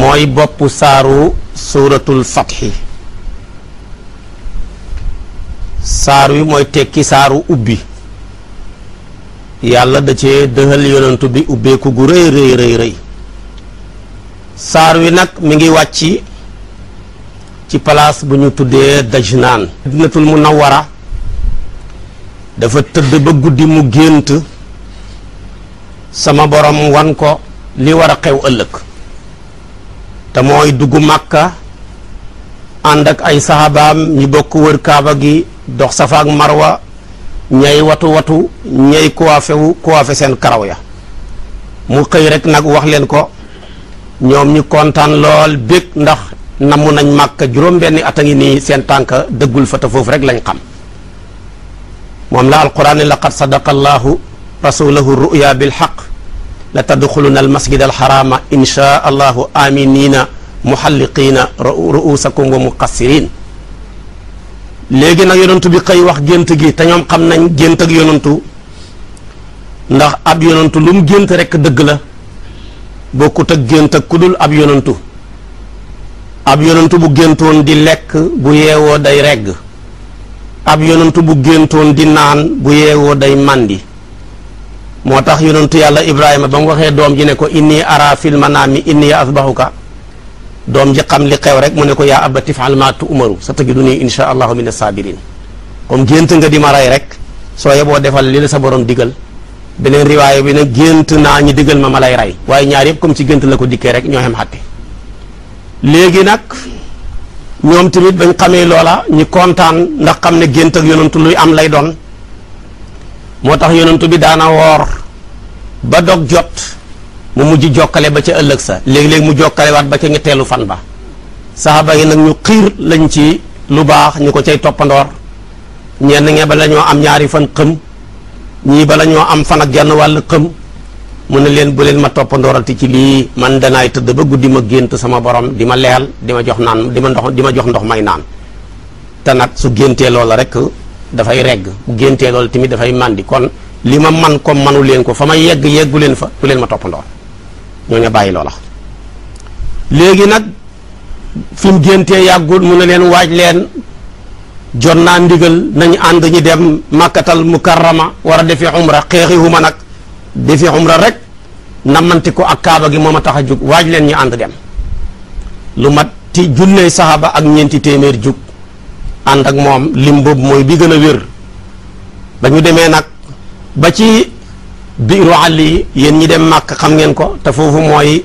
mooy boppu saaru suuratul fatxi saar wi mooy tekki saaru ubbi yàlla da cee dëxal yonantu bi ubbeeku gu rëy rëy rëy rëy saar wi nag mi ngi wàcc ci palaas bu ñu tuddee Dajnaan Madinatul Munawwara dafa tëdd ba guddi mu gént sama borom wan ko li war a xew ëllëg te mooy dugg màkka ànd ak ay sahabaam ñu bokk wër kaaba gi dox safa marwa ñay watu watu ñay coiffé wu seen karaw ya mu xëy rek nag wax leen ko ñoom ñu kontaan lool bég ndax namu nañ màkka juróom benni at a ngi nii seen tànk dëggul fa foofu rek lañ xam moom la alquran laqad sadaqa allahu rasulahu ruya bil haqq la tadxuluna almasjid alxarama insha allahu aminina muxalliqiina ruusakum wa muqassirin léegi nag yonantu bi xëy wax gént gi te ñoom xam nañ gént ak yonantu ndax ab yonantu lu mu gént rekk dëgg la bokkut ak gént ak ku dul ab yonantu ab yonantu bu géntoon di lekk bu yeewoo day regg ab yonantu bu géntoon di naan bu yeewoo day màndi moo tax yonentu yàlla Ibrahima ba mu waxee doom ji ne ko inni ara fil manaami inni asbahuka doom ji xam li xew rek mu ne ko yaa abati if'al maa tu'maru satajiduni insha allahu mina saabiriin comme gént nga di ma rey rek soo yeboo defal li la sa borom digal beneen riwaayo bi nag gént naa ñi digal ma ma lay rey waaye ñaar yëpp comme ci gént la ko dikkee rek ñoo xam xatte léegi nag ñoom tamit bañ xamee loola ñi kontaan ndax xam ne gént ak yonentu luy am lay doon moo tax yonentu bi daana woor ba dog jot mu mujj jokkale ba ca ëllëg sa léegi-léegi mu jokkalewaat ba ca ñetteelu fan ba saxaaba yi nag ñu xiir lañ ci lu baax ñu ko cay toppandoor ñenn ñe ba la am ñaari fan xëm ñii ba la ñoo am fan ak genn wàll xëm mu ne leen bu leen ma toppandoorati ci lii man danaay tëdd ba guddi ma gént sama borom di ma leyal di ma jox naan di ma di ma jox ndox may naan te nag su géntee loola rek dafay regg génte loolu tamit dafay màndi kon li ma man comme manu leen ko fa ma yegg yeggu leen fa du leen ma toppandoo ñoo ña bàyyi loola léegi nag fi mu yàggul mu ne leen waaj leen jot naa ndigal nañu ànd ñi dem màkkatal mukarrama war a defi umra xeexi huma nag defi umra rek namanti ko ak kaaba gi moom a tax a jug waaj leen ñi ànd dem lu mat ti junney saxaaba ak ñeenti téeméer jug ànd ak moom lim boobu mooy bi gën a wér ba ñu demee nag ba ci biiru àlli yéen ñi dem màkk xam ngeen ko te foofu mooy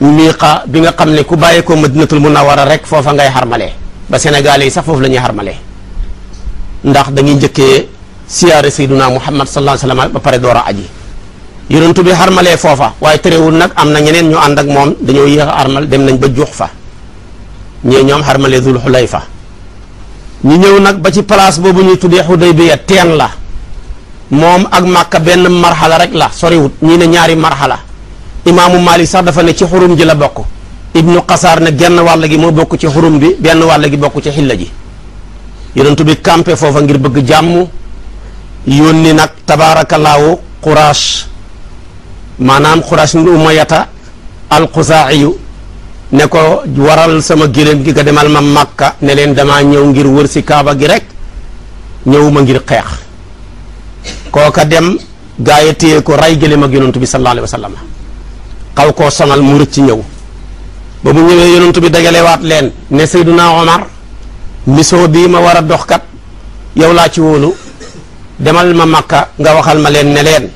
miiqa bi nga xam ne ku bàyyee ko madinatul munawara rek foofa ngay xarmalee ba sénégalais yi sax foofu lañuy ñuy ndax dañuy njëkkee siyaare sayduna muhammad sallallahu alayhi wasallam ba pare door a aji yonentu bi xarmalee foofa waaye terewul nag am na ñeneen ñu ànd ak moom dañoo yéex a armal dem nañ ba juux fa ñee ñoom xarmalee dul fa ñu ñëw nag ba ci place boobu ñuy tuddee Xudaybiya teen la moom ak Màkka benn marxala rek la sorewut ñii ne ñaari marxala imaamu Maalik sax dafa ne ci xurum ji la bokk ibnu Qasaar ne genn wàll gi moo bokk ci xurum bi benn wàll gi bokk ci xilla ji yonentu bi campé foofa ngir bëgg jàmm yónni nag tabaarakallaahu Quraash maanaam Quraash ibnu Umayyata al-Xuzaa'iyu ne ko waral sama gëléem gi ko demal ma màkka ne leen damaa ñëw ngir wër si kaaba gi rek ma ngir xeex kooka dem gaa yi téye ko rey gëléem ak yonantu bi sallallahu alayhi wa sallam xaw koo sonal mu rëcc ñëw ba mu ñëwee yonantu bi dajalewaat leen ne Seyduna Omar mission bi ma war a dox kat yow laa ci wóolu demal ma màkka nga waxal ma leen ne leen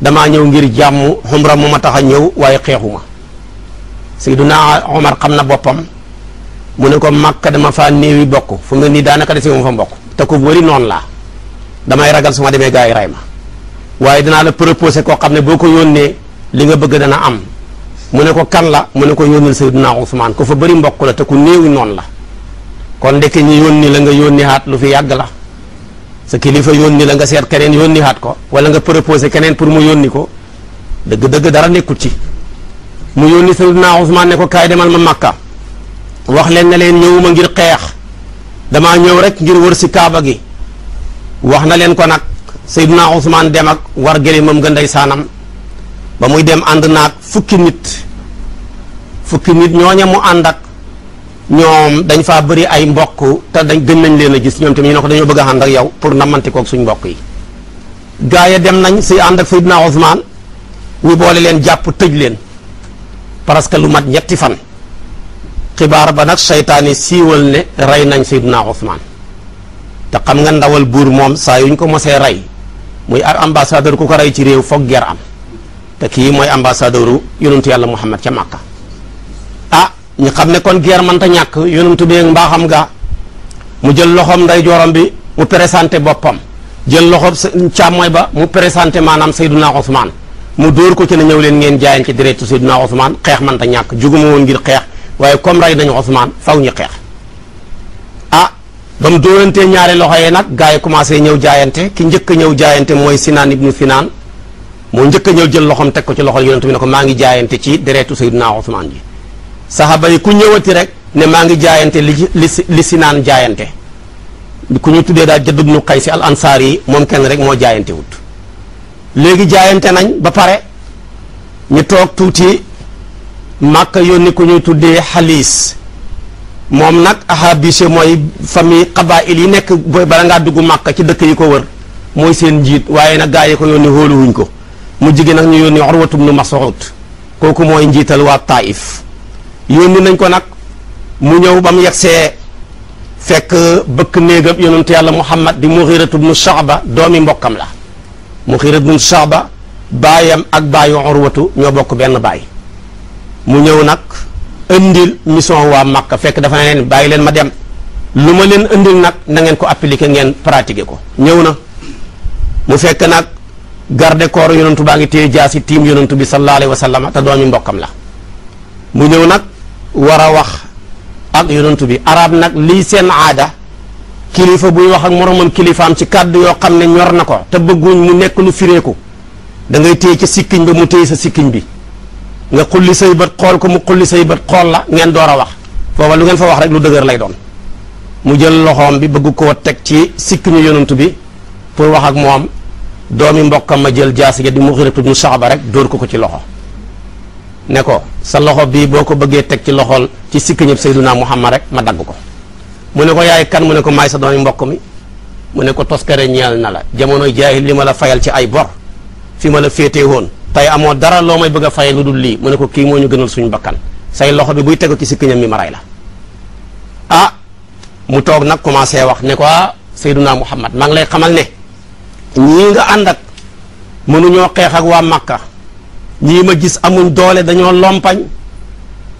damaa ñëw ngir jàmm xumra mu ma tax a ñëw waaye xeexu ma Seydina Omar xam na boppam mu ne ko Makka dama faa néewi bokk fu mu ne nii daanaka dese ma fa mbokk te ku bëri noonu laa damay ragal su ma demee gars yi ray ma waaye danaa la proposé koo xam ne boo ko yónnee li nga bëgg dana am mu ne ko kan la mu ne ko yónnil Seydina Ousmane ko fa bëri mbokk la te ku néewi noonu la kon ndeke ñu yónni la nga yónni haat lu fi yàgg la sa kilifa yónni la nga seet keneen yónni haat ko wala nga proposé keneen pour mu yónni ko dëgg-dëgg dara nekkul ci. mu yónni Sayyidina Usmaan ne ko kaay demal ma Makka wax leen leen ñëwuma ngir xeex damaa ñëw rek ngir wër si Kaaba gi wax na leen ko nag Sayyidina Usmaan dem ak war gën nga saanam ba muy dem ànd naag fukki nit fukki nit ñooña mu ànd ak ñoom dañ faa bari ay mbokk te dañ gën nañ leen a gis ñoom tamit ñu ne ko dañoo bëgg a ànd ak yow pour namante koog suñ mbokk yi gaa ya dem nañ si ànd ak Sayyidina Usmaan ñu boole leen jàpp tëj leen parce que lu mat ñetti fan xibaar ba nag seytaane siiwal ne rey nañ Seydina Ousmane te xam nga ndawal buur moom saa yuñ ko mosee rey muy ambassadeur ku ko rey ci réew foog guerre am te kii mooy ambassadeur yonentu yàlla Muhammad ca Makka ah ñu xam ne kon guerre mënta ñàkk yonentu bi mbaaxam ga mu jël loxoom nday jooram bi mu présenté boppam jël loxoom mooy ba mu présenté maanaam Seydina Ousmane mu dóor ko ci ne ñëw leen ngeen jaayan ci deretu Seydina Ousmane xeex man ta ñàkk juguma woon ngir xeex waaye comme rey nañu Ousmane faw ñu xeex a ah ba mu dóorantee ñaari loxo yee nag gars yi commencé ñëw jaayante ki njëkk ñëw jaayante mooy Sinaan ibnu naan moo njëkka ñëw jël loxom teg ko ci loxol yonent bi ne ko maa ngi jaayante ci deretu Seydina Ousmane ji sahaba yi ku ñëwati rek ne maa ngi jaayante li li si naan jaayante ku ñu tuddee daal Jadd ibnu Qays al Ansaar yi moom kenn rek moo jaayante léegi jaayante nañ ba pare ñu toog tuuti màkk yónni ku ñuy tuddee xaliis moom nag ahabise mooy fami xabaayil yi nekk booy bala ngaa dugg màkk ci dëkk yi ko wër mooy seen njiit waaye nag gaa yi ko yónni hóoluwuñ ko mu jigéen nag ñu yónni Urwatu bnu Mas'ud kooku mooy njiital waa Taif yónni nañ ko nag mu ñëw ba mu yegsee fekk bëkk néegam yonentu yàlla Muhammad di Mughiratu bnu Shu'ba doomi mbokkam la Muxiira bun Saaba baayam ak baayu Urwatu ñoo bokk benn baay mu ñëw nag indil mission waa Makka fekk dafa ne leen bàyyi leen ma dem lu ma leen indil nag na ngeen ko appliquer ngeen pratiquer ko ñëw na mu fekk nag garde corps yonentu baa ngi téye jaasi tiim yonentu bi sallallahu alayhi wa sallam te doomi mbokkam la mu ñëw nag war a wax ak yonentu bi arab nag lii seen aada kilifa buy wax ak moromam kilifaam ci kàddu yoo xam ne ñor na ko te bëgguñ mu nekk lu fireeku da ngay téye ci sikkiñ ba mu téye sa sikkiñ bi nga xulli say bët xool ko mu xulli say bët xool la ngeen door a wax foofa lu ngeen fa wax rek lu dëgër lay doon mu jël loxoom bi bëgg koo teg ci sikkiñu yonantu bi pour wax ak moom doomi mbokkam ma jël jaasi ja di mu xiratu mu saxaba rek dóor ko ko ci loxo ne ko sa loxo bii boo ko bëggee teg ci loxol ci sikkiñëb Sayyiduna Muhammad rek ma dagg ko mu ne ko yaay kan mu ne ko maay sa doomi mbokk mi mu ne ko toskare ñeel na la jamonoy jaahil li ma la fayal ci ay bor fi ma la féete woon tey amoo dara loo may bëgg a lu dul lii mu ne ko kii moo ñu gënal suñu bakkan say loxo bi buy tegu ci sikkiñam mi ma ray la ah mu toog nag commencé wax ne ko ah Seydunaa Muhammad maa ngi lay xamal ne ñii nga ànd ak mënuñoo xeex ak waa Makka ñii ma gis amuñ doole dañoo lompañ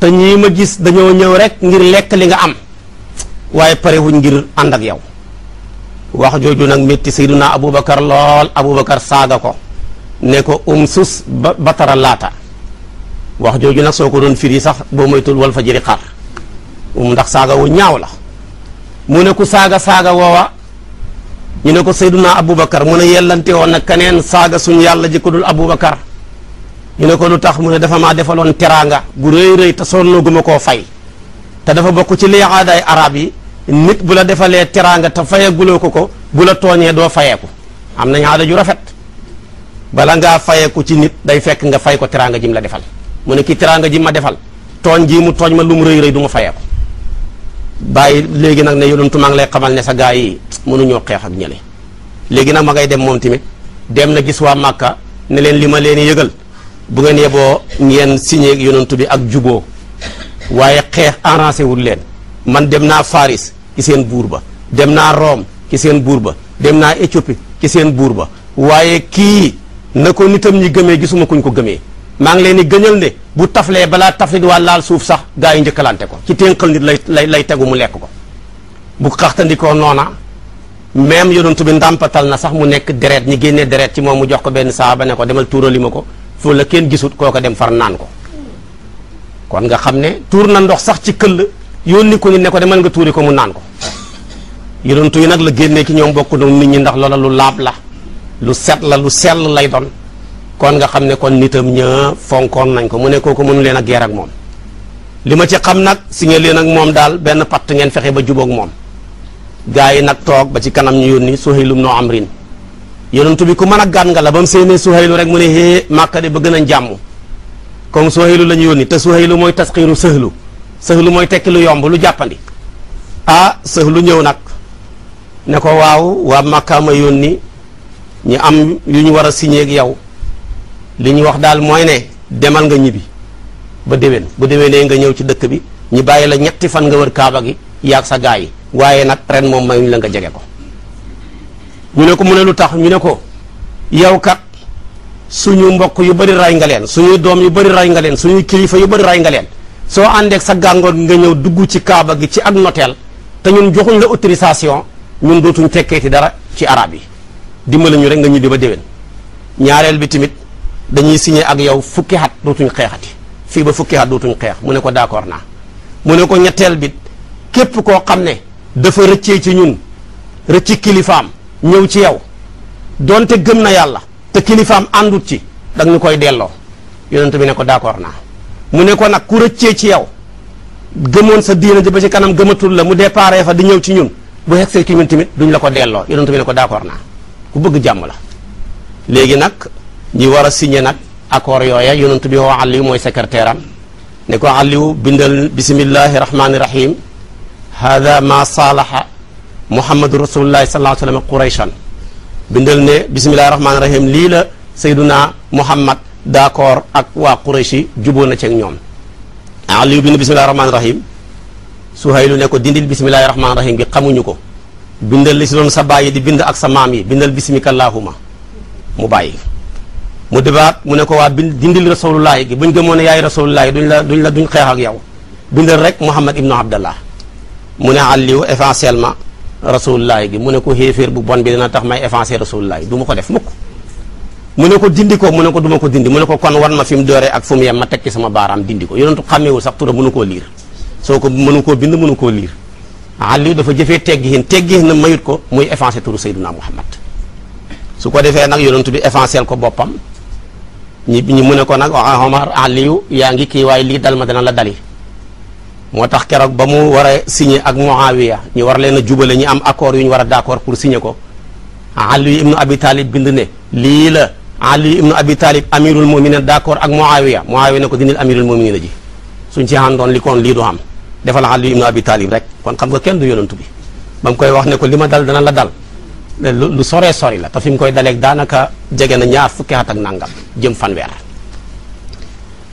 te ñii ma gis dañoo ñëw rek ngir lekk li nga am waaye pare wuñ ngir ànd ak yow wax jooju nag métti sayduna aboubacar lool aboubacar saaga ko ne ko um sus batara laata wax jooju nag soo ko doon firi sax boo moytul wal fajiri xar um ndax saaga wu ñaaw la mu ne ku saaga saaga woowa ñu ne ko sayduna aboubacar mu ne yellante woon nag keneen saaga suñ yàlla ji ko dul aboubacar ñu ne ko lu tax mu ne dafa ma defaloon teraanga gu rëy rëy te sonnoo guma koo fay te dafa bokk ci li aadaay yi nit bu la defalee teraanga te fayaguloo ko ko bu la tooñee doo fayeeku am nañ aada ju rafet bala ngaa fayeeku ci nit day fekk nga fay ko teraanga jim la defal mu ne ki teraanga jim ma defal tooñ jii mu tooñ ma lu mu rëy rëy du ma fayeeku bàyyi léegi nag ne yonentu maa lay xamal ne sa gaa yi mënuñoo xeex ak ñële léegi nag ma ngay dem moom tamit dem na gis waa Màkka ne leen li ma leen yëgal bu ngeen yeboo ngeen signé yonentu bi ak juboo waaye xeex arrangé wul leen man dem naa Faris ci seen buur ba dem naa Rome ci seen buur ba dem naa Éthiopie ci seen buur ba waaye kii na ko nitam ñi gëmee gisuma kuñ ko gëmee maa ngi leen di gëñal ne bu taflee balaa taflit waa laal suuf sax gaa yi njëkkalante ko ci ténqal nit lay lay lay tegu mu lekk ko bu xaxtandikoo noona même yonent bi ndàmpatal na sax mu nekk deret ñi génnee deret ci moom mu jox ko benn saaba ne ko demal tuurali ma ko foofu la kenn gisut koo ko dem far naan ko kon nga xam ne tuur na ndox sax ci këll yónni ko ñu ne ko demal nga tuuri ko mu naan ko yonent yi nag la génnee ci ñoom bokk na nit ñi ndax loola lu laab la lu set la lu sel lay doon kon nga xam ne kon nitam ña fonkoon nañ ko mu ne kooku mënu leen a geer ak moom li ma ci xam nag si ngeen leen ak moom daal benn patt ngeen fexe ba jubook moom gaa yi nag toog ba ci kanam ñu yónni Suhaylum noo am amrin yonent bi ku mën a gàn nga la ba mu séenee Suhaylu rek mu ne hee Màkka de bëgg nañ jàmm comme Suhaylu la ñu yónni te Suhaylu mooy tasxiiru sëhlu sëhlu mooy tekki lu yomb lu jàppandi ah sëhlu ñëw nag ne ko waaw waa Makka ma yónni ñu am yu ñu war a signé yow li ñu wax daal mooy ne demal nga ñibbi ba déwén bu déwénee nga ñëw ci dëkk bi ñu bàyyi la ñetti fan nga wër Kaaba gi yaag sa gaa yi waaye nag ren moom mayuñ la nga jege ko ñu ne ko mu ne lu tax ñu ne ko yow kat suñu mbokk yu bari ray nga leen suñuy doom yu bari ray nga leen suñuy kilifa yu bari ray nga leen soo àndeek sa gàngoor nga ñëw dugg ci kaaba gi ci ak noteel te ñun joxuñ la autorisation ñun dootuñ tekkeeti dara ci arab yi dimbali ñu rek nga ñibbi ba déwén ñaareel bi tamit dañuy signé ak yow fukki at dootuñ xeexati fii ba fukki at dootuñ xeex mu ne ko d'accord naa mu ne ko ñetteel bi képp koo xam ne dafa rëccee ci ñun rëcci kilifaam ñëw ci yow donte gëm na yàlla te kilifaam àndut ci danga ñu koy delloo yonent bi ne ko d'accord naa mu ne ko nag ku rëccee ci yow gëmoon sa diina ji ba ci kanam gëmatul la mu déparé fa di ñëw ci ñun bu hegsee ci ñun tamit duñ la ko delloo yonent bi ne ko d'accord naa ku bëgg jàmm la léegi nag ñi war a signé nag accord yooya yonent bi woo Aliou mooy secrétaire am ne ko Aliou bindal bismillahi rahmani rahim hada ma salaha muhammadu rasulullahi sallallahu alayhi wa sallam qurayshan bindal ne bismillahi rahmani rahim lii la sayduna muhammad d'accord ak waa Quraysh juboon na ceeg ñoom Ali bind bismillahi rahmaani rahim Suhaylu ne ko dindil bismillahi rahmaani rahim bi xamuñu ko bindal li si doon sa baay yi di bind ak sa maam yi bindal bismikallahuma mu bàyyi mu debaat mu ne ko waa bind dindil rasulullahi gi buñ gëmoon ne yaay rasulullahi duñ la duñ la duñ xeex ak yow bindal rek Muhammad ibnu Abdallah mu ne Aliou essentiellement rasulullahi gi mu ne ko xéeféer bu bon bi dana tax may effacer rasulullahi du ma ko def mukk mu ne ko dindi ko mu ne ko duma ko dindi mu ne ko kon wan ma fi mu dooree ak fu mu yem ma tekki sama baaraam dindi ko yonentu xàmmeewul sax tura mënu koo liir soo ko mënu koo bind mënu koo liir Aliou dafa jëfee teggihin teggihin na mayut ko muy effacé turu Sayyiduna Muhammad su ko defee nag yonentu bi effacel ko boppam ñi ñu mu ne ko nag ah, Omar Aliou yaa ngi kii waaye lii dal ma dana la dali moo tax keroog ba mu war a signé ak Muawiya ñu war leen a jubale ñu am accord yu ñu war a d'accord pour signé ko Aliou ibnu Abi Talib bind ne lii la ali ibnu abi talib amirul muminina d'accord ak muawiya muawiya ne ko dindil amirul muminina ji suñ ci àndoon li kon lii du am defal ali ibnu abi talib rek kon xam nga kenn du yonantu bi ba mu koy wax ne ko li ma dal dana la dal lu soree sori la te fi mu koy daleek daanaka jege na ñaar fukki at nangam jëm fanweer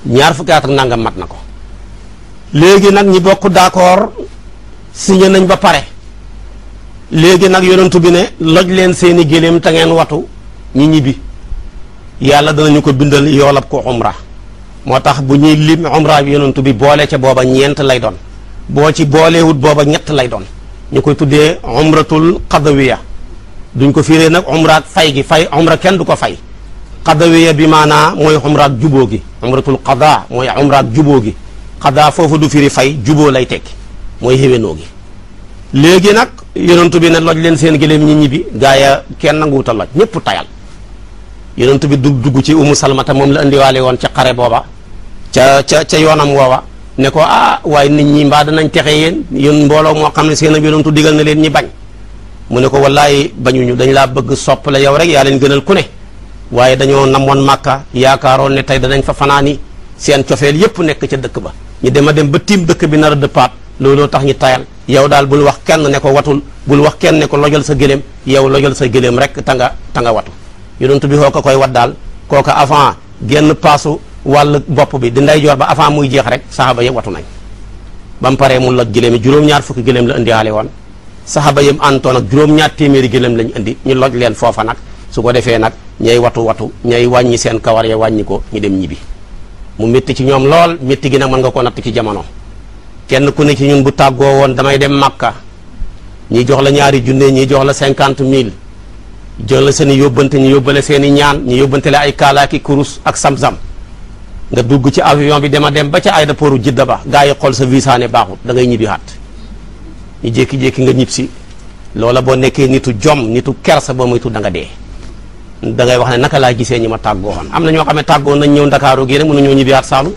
ñaar fukki at nangam mat na ko léegi nag ñi bokk d'accord signé nañ ba pare léegi nag yonantu bi ne loj leen seeni géléem te watu ñi ñibbi yàlla danañu ko bindal yoolab ko umra moo tax bu ñuy lim umra bi yonantu bi boole ca booba ñeent lay doon boo ci boolewut booba ñett lay doon ñu koy tuddee umratul qadawiya duñ ko firee nag umraak fay gi fay umra kenn du ko fay qadawiya bi maanaa mooy umraak juboo gi umratul qadaa mooy umraak juboo gi qadaa foofu du firi fay juboo lay tekki mooy xéwénoo gi léegi nag yonantu bi ne loj leen seen gëléem ñi ñibbi gaa ya kenn nanguwuta loj ñëpp tayal yonent bi dug dugg ci umu salmata moom la indiwaale woon ca xare booba ca ca ca yoonam woowa ne ko ah waaye nit ñi mbaa danañ texe yéen yéen mbooloo moo xam ne seen ak yonentu digal na leen ñi bañ mu ne ko wallaay bañuñu dañ laa bëgg sopp la yow rek yaa leen gënal ku ne waaye dañoo namoon màkka yaakaaroon ne tey danañ fa fanaani seen cofeel yépp nekk ca dëkk ba ñu dem a dem ba tiim dëkk bi nar a dëppaat looloo tax ñu tayal yow daal bul wax kenn ne ko watul bul wax kenn ne ko lojal sa gëléem yow lojal sa gëléem rek ta nga watu yonent bi koo koy wat daal kooka avant genn paasu wàll bopp bi di ndeyjoor ba avant muy jeex rek saxaaba yëpp watu nañ bam pare paree mu loj gëléem yi juróom-ñaar fukki gëléem la indi aale woon saxaaba yëpp àntoon ak juróom-ñaar téeméeri gëléem lañ indi ñu loj leen foofa nag su ko defee nag ñay watu watu ñay wàññi seen kawar ya wàññi ko ñu dem ñibbi mu métti ci ñoom lool métti gi nag mën nga ko natt ci jamono kenn ku ne ci ñun bu tàggoo woon damay dem màkka ñi jox la ñaari junne ñi jox la cinquante mille jël seen i yóbbante ñu yóbbale seen i ñaan ñu yóbbante la ay kaalaaki kurus ak samsam nga dugg ci avion bi dema dem ba ca aéroportu Jidda ba gaa yi xool sa visa ne baaxut da ngay ñibbi xaat ñu jékki-jékki nga ñib si loola boo nekkee nitu jom nitu ker kersa boo moytu da nga dee da ngay wax ne naka laa gisee ñi ma tàggoo woon am na ñoo xam ne tàggoo nañ ñëw Ndakaaru gi rek mënuñoo ñibbi xaat Saalum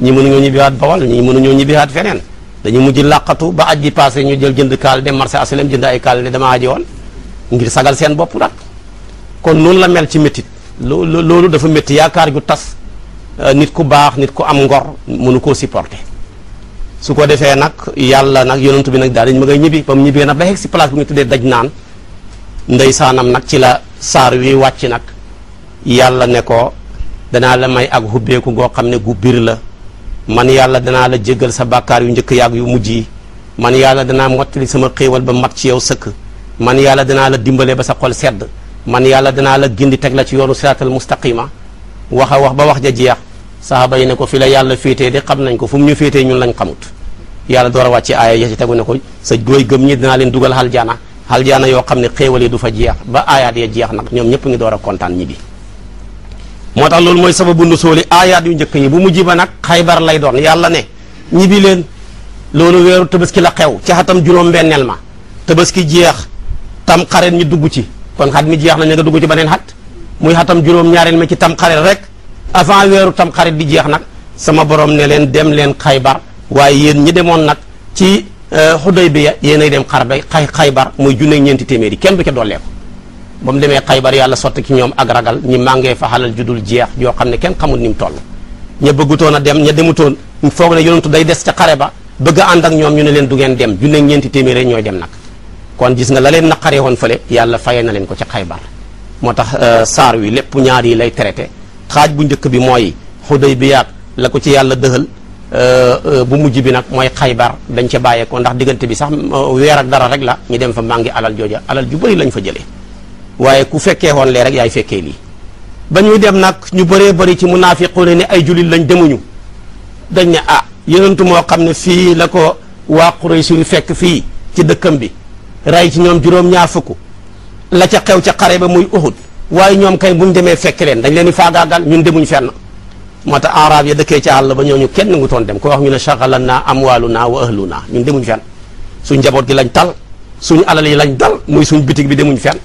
ñi mënuñoo ñibbi xaat Bawol ñi mënuñoo ñibbi xaat feneen dañu mujj làqatu ba aj ji passé ñu jël jënd kaal dem marché aslem jënd ay kaal ne dama aji ngir sagal seen bopp nag kon noonu la mel ci métit loolu dafa métti yaakaar ju tas euh, nit ku baax nit ku am ngor mënu koo supporter su ko defee nag yàlla nag yonent bi nag daal dañ ma ngay ñibbee nag ba xeg si place bu nga naan ndeysaanam nag ci la saar wi wàcc nag yàlla ne ko danaa la may ak xubbeeku ngoo xam ne gu bir la man yàlla danaa la jéggal sa bàkkaar yu njëkk yàgg yu mujj yi man yàlla danaa mottali sama xéewal ba mat ci yow sëkk man yàlla danaa la dimbale ba sa xol sedd man yàlla danaa la gindi teg la ci yoonu siraatal mustaqima wax a wax ba wax ja jeex saxaaba yi ne ko fi la yàlla féetee de xam nañ ko fu mu ñu féetee ñun lañ xamut yàlla door a wàcce aaya ya ci tegu ne ko sa góoy gëm ñi dinaa leen dugal haljaana haljaana yoo xam ne xéewal yi du fa jeex ba aayaat ya jeex nag ñoom ñëpp ngi door a kontaan ñi bi moo tax loolu mooy sababu nusooli aayaat yu njëkk yi bu mujj ba nag xaybar lay doon yàlla ne ñibi leen loolu weeru tabaski la xew ci juróom-benneel ma tam ñi dugg ci kon xat mi jeex na ne nga dugg ci beneen xat muy xatam juróom-ñaareel mi ci tam rek avant weeru tam xaret di jeex nag sama borom ne leen dem leen xaybar waaye yéen ñi demoon nag ci Xudaybiya euh, yéen ay dem xarbay xay xaybar muy junne ñeenti téeméeri kenn du ca dollee ko ba mu demee xaybar yàlla sotti ki ñoom ak ragal ñi màngee fa xalal dul jeex yoo xam ne kenn xamul ni mu toll ña bëggutoon a dem ña demutoon foog ne yonentu day des ca xare ba bëgg a ànd ak ñoom ñu ne leen du ngeen dem junne ñeenti téeméer téeméeri ñooy dem nag kon gis nga la leen naqaree woon fële yàlla fayee na leen ko ci xaybar moo tax euh, saar wi lépp ñaar yi lay traité xaaj bu njëkk bi mooy xuday bi yaag la ko ci yàlla dëxal euh, euh, bu mujj bi nag mooy xaybar dañ ca bàyyeekoo ndax diggante bi sax weer ak dara rek la ñu dem fa mangi alal jooja alal ju bëri lañ fa jëlee waaye ku fekkee woon lee rek yaay fekkee lii ba ñuy dem nag ñu bëree bari ci munaafiquuna ne ay jullit lañ demuñu dañ ne ah yonentu moo xam ne fii la ko waa Quraysh fekk fii ci dëkkam bi rey ci ñoom juróom-ñaar fukk la ca xew ca xare ba muy Uhud waaye ñoom kay buñ demee fekk leen dañ leen di faagaagal ñun demuñ fenn moo tax arab ya dëkkee ci àll ba ñooñu kenn nangu toon dem ko wax ñu ne shagalan naa amwaalu naa wa ahlu naa ñun demuñ fen suñ njaboot gi lañ tal suñu alal yi lañ dal muy suñ bitig bi demuñ fenn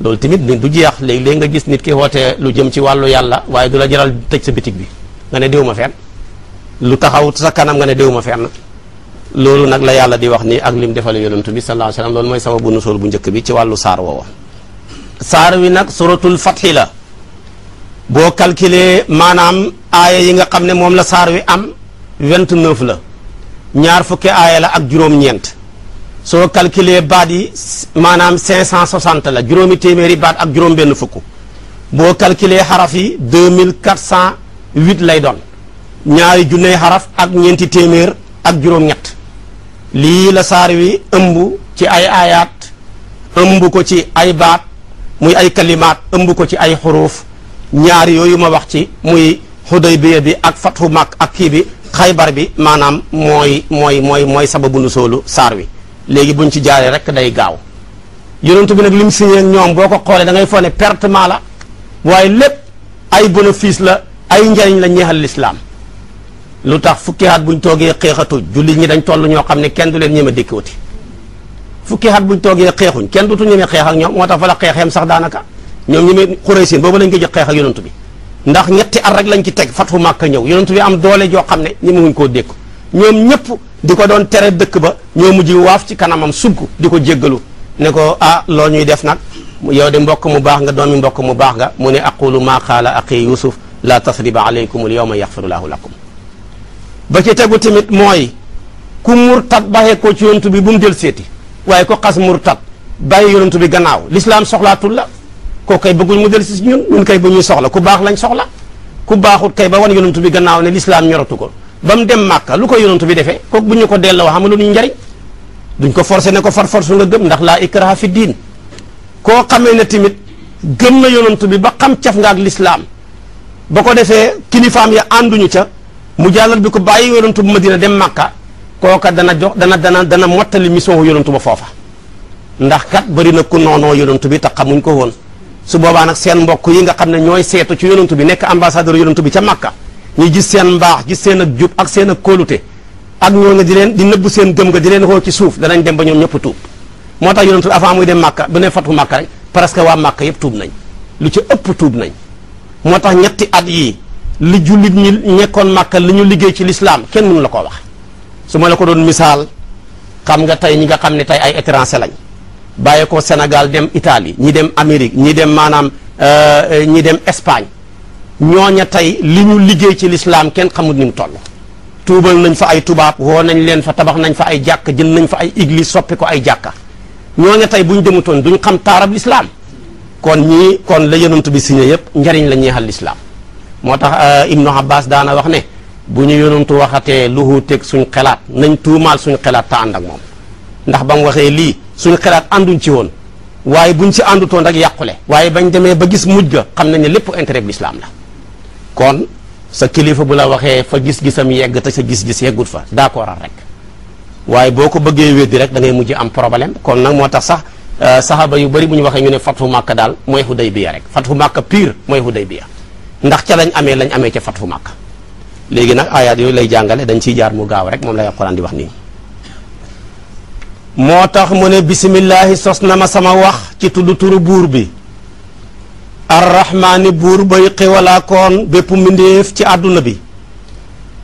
loolu tamit ni du jeex léegi-léegi nga gis nit ki wootee lu jëm ci wàllu yàlla waaye du la jaral tëj sa bitig bi nga ne déwuma fen lu taxaw sa kanam nga ne déwuma fenn loolu nag la yàlla di wax ni ak lim defal yonantu bi sallallahu alayhi loolu mooy sama bu nusool bu njëkk bi ci wàllu saar woowa saar wi nag suratul fatxi la boo calculer maanaam aaya yi nga xam ne moom la saar wi am 29 la ñaar fukki aaya la ak juróom-ñeent soo calculer baat yi maanaam 560 la juróomi téeméeri baat ak juróom-benn fukk boo calculer xaraf yi 2408 lay doon ñaari junney xaraf ak ñeenti téeméer ak juróom-ñett. lii la saar wi ëmb ci ay aayaat ëmb ko ci ay baat muy ay kalimaat ëmb ko ci ay xuruuf ñaari yooyu ma wax ci muy xudaybiya bi ak fat fathu Makk ak kii bi xaybar bi maanaam mooy mooy mooy mooy sababu nu solu saar wi léegi buñ ci jaaree rek day gaaw yonentu bi nag lim si ak ñoom boo ko xoolee dangay ngay ne pertement la waaye lépp ay bénéfice la ay njariñ la ñeexal lislaam lu tax fukki at buñ toogee xeexatuñ jullit ñi dañ toll ñoo xam ne kenn du leen ñeme dékkiwati fukki at buñ toogee xeexuñ kenn dutu ñeme xeex ñoom moo tax fa la sax daanaka ñoom ñeme xuraysin boobu lañ ko jëkk xeex ak yonantu bi ndax ñetti at rek lañ ci teg fatfu màkka ñëw yonantu bi am doole joo xam ne ñemewuñ koo dékku ñoom ñëpp di ko doon tere dëkk ba ñoo mujj waaf ci kanamam sugg di ko jéggalu ne ko a ah, loo ñuy def nag yow de mbokk mu baax nga doomi mbokk mu baax nga mu ne aqulu maa qaala aqi yusuf la tasriba alaykum al yawma yaxfiru laahu lakum ba ci tegu tamit mooy ku murtat baxee ko ci yonent bi bu mu del seeti waaye ko xas murtat bàyyi yonent bi gannaaw lislaam soxlaatul la koo kay bëgguñ mu del si ñun ñun kay bu ñuy soxla ku baax lañ soxla ku baaxut kay ba wan yonent bi gannaaw ne lislaam ñoratu ko ba mu dem màkka lu ko yonent bi defee kooku bu ñu ko delloo xam lu ñu njariñ duñ ko forcé ne ko far force nga gëm ndax laa ikraha fi diin koo xamee ne tamit gëm na yonent bi ba xam caf nga ak lislaam ba ko defee kilifaam ya ànduñu ca mu jàllal bi ko bàyyi yonantu bu dina dem Makka kooka dana jox dana dana dana mottali mission yonantu ba foofa ndax kat bari na ku noonoo yonantu bi tax te xamuñ ko woon su boobaa nag seen mbokk yi nga xam ne ñooy seetu ci yonantu bi nekk ambassadeur yonantu bi ca Makka ñu gis seen mbaax gis seen ak jub ak seen ak kóolute ak ñoo nga di leen di nëbbu seen gëm nga di leen ci suuf danañ dem ba ñoom ñëpp tuub moo tax yonantu bi avant muy dem Makka bu ne fatu Makka rek presque waa Makka yëpp tuub nañ lu ci ëpp tuub nañ moo tax ñetti at yii li jullit ñi ñekkoon màkka li ñu liggéey ci lislaam kenn mënu la koo wax su ma la ko doon misaal xam nga tey ñi nga xam ne tey ay étranger lañ bàyyeekoo ko dem itali ñi dem Amérique ñi dem maanaam euh, ñi dem Espagne ñooña tey li ñu liggéey ci lislaam kenn xamut ni mu toll tuubal nañ fa ay tubaab woo nañ leen fa tabax nañ fa ay jàkk jën nañ fa ay église soppi ko ay jàkka ñooña tey bu ñu demutoon duñ xam taarab lislaam kon ñii kon la yonent bi signé yëpp njariñ la ñeexal lislaam moo tax euh, Ibnu Abbas daana wax ne bu ñu yonantu waxatee lu wuuteeg suñ xelaat nañ tuumaal suñ xelaat te ànd ak moom ndax ba mu waxee lii suñ xelaat ànduñ ci woon waaye buñ si àndutoon ak yàqule waaye bañ demee ba gis mujj ga xam nañ ne lépp intérêt bi lislaam la kon sa kilifa bu la waxee fa gis-gisam yegg te sa gis-gis yeggul fa d'accord rek waaye boo ko bëggee weddi rek da ngay mujj am problème kon nag moo tax sax euh, saxaaba yu bari bu ñu waxee ñu ne fatfu Màkka daal mooy Hudaybiya rek fatfu Màkka pire mooy ndax ca lañ amee lañ amee ca fat fu màkk léegi nag ayaat yooyu lay jàngale dañ ciy jaar mu gaaw rek moom lay alxuraan di wax nii moo tax mu ne bisimillahi sos na ma sama wax ci tudd turu buur bi arrahmaani buur bay xéewalaa koon bépp mbindéef ci àdduna bi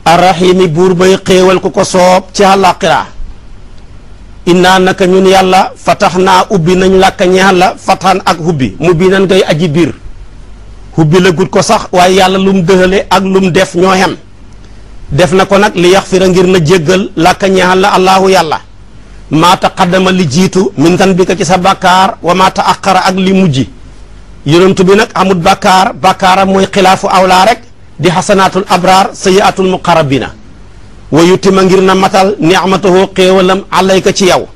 arrahimi buur bay xéewal ku ko soob ci àllaaxira innaa naka ñun yàlla fatax naa ubbi nañ làkk ñeexal la fataxan ak hubbi mu bii nan ngay aji biir hubbi ko sax waaye yàlla lu mu dëhale ak lu def ñoo yem def na ko nag li yaxfira ngir na jéggal làkka ñaal la allaahu yàlla maa taqaddama li jiitu min tan bi ko ci sa bàkkaar wa maa taaqara ak li mujj yonentu bi nag amut bàkkaar bàkkaaram mooy xilaafu awlaa rek di xasanaatul abraar sayyiatul muqarrabina wa yutima ngir na matal ni'matahu xéewalam alayka ci yow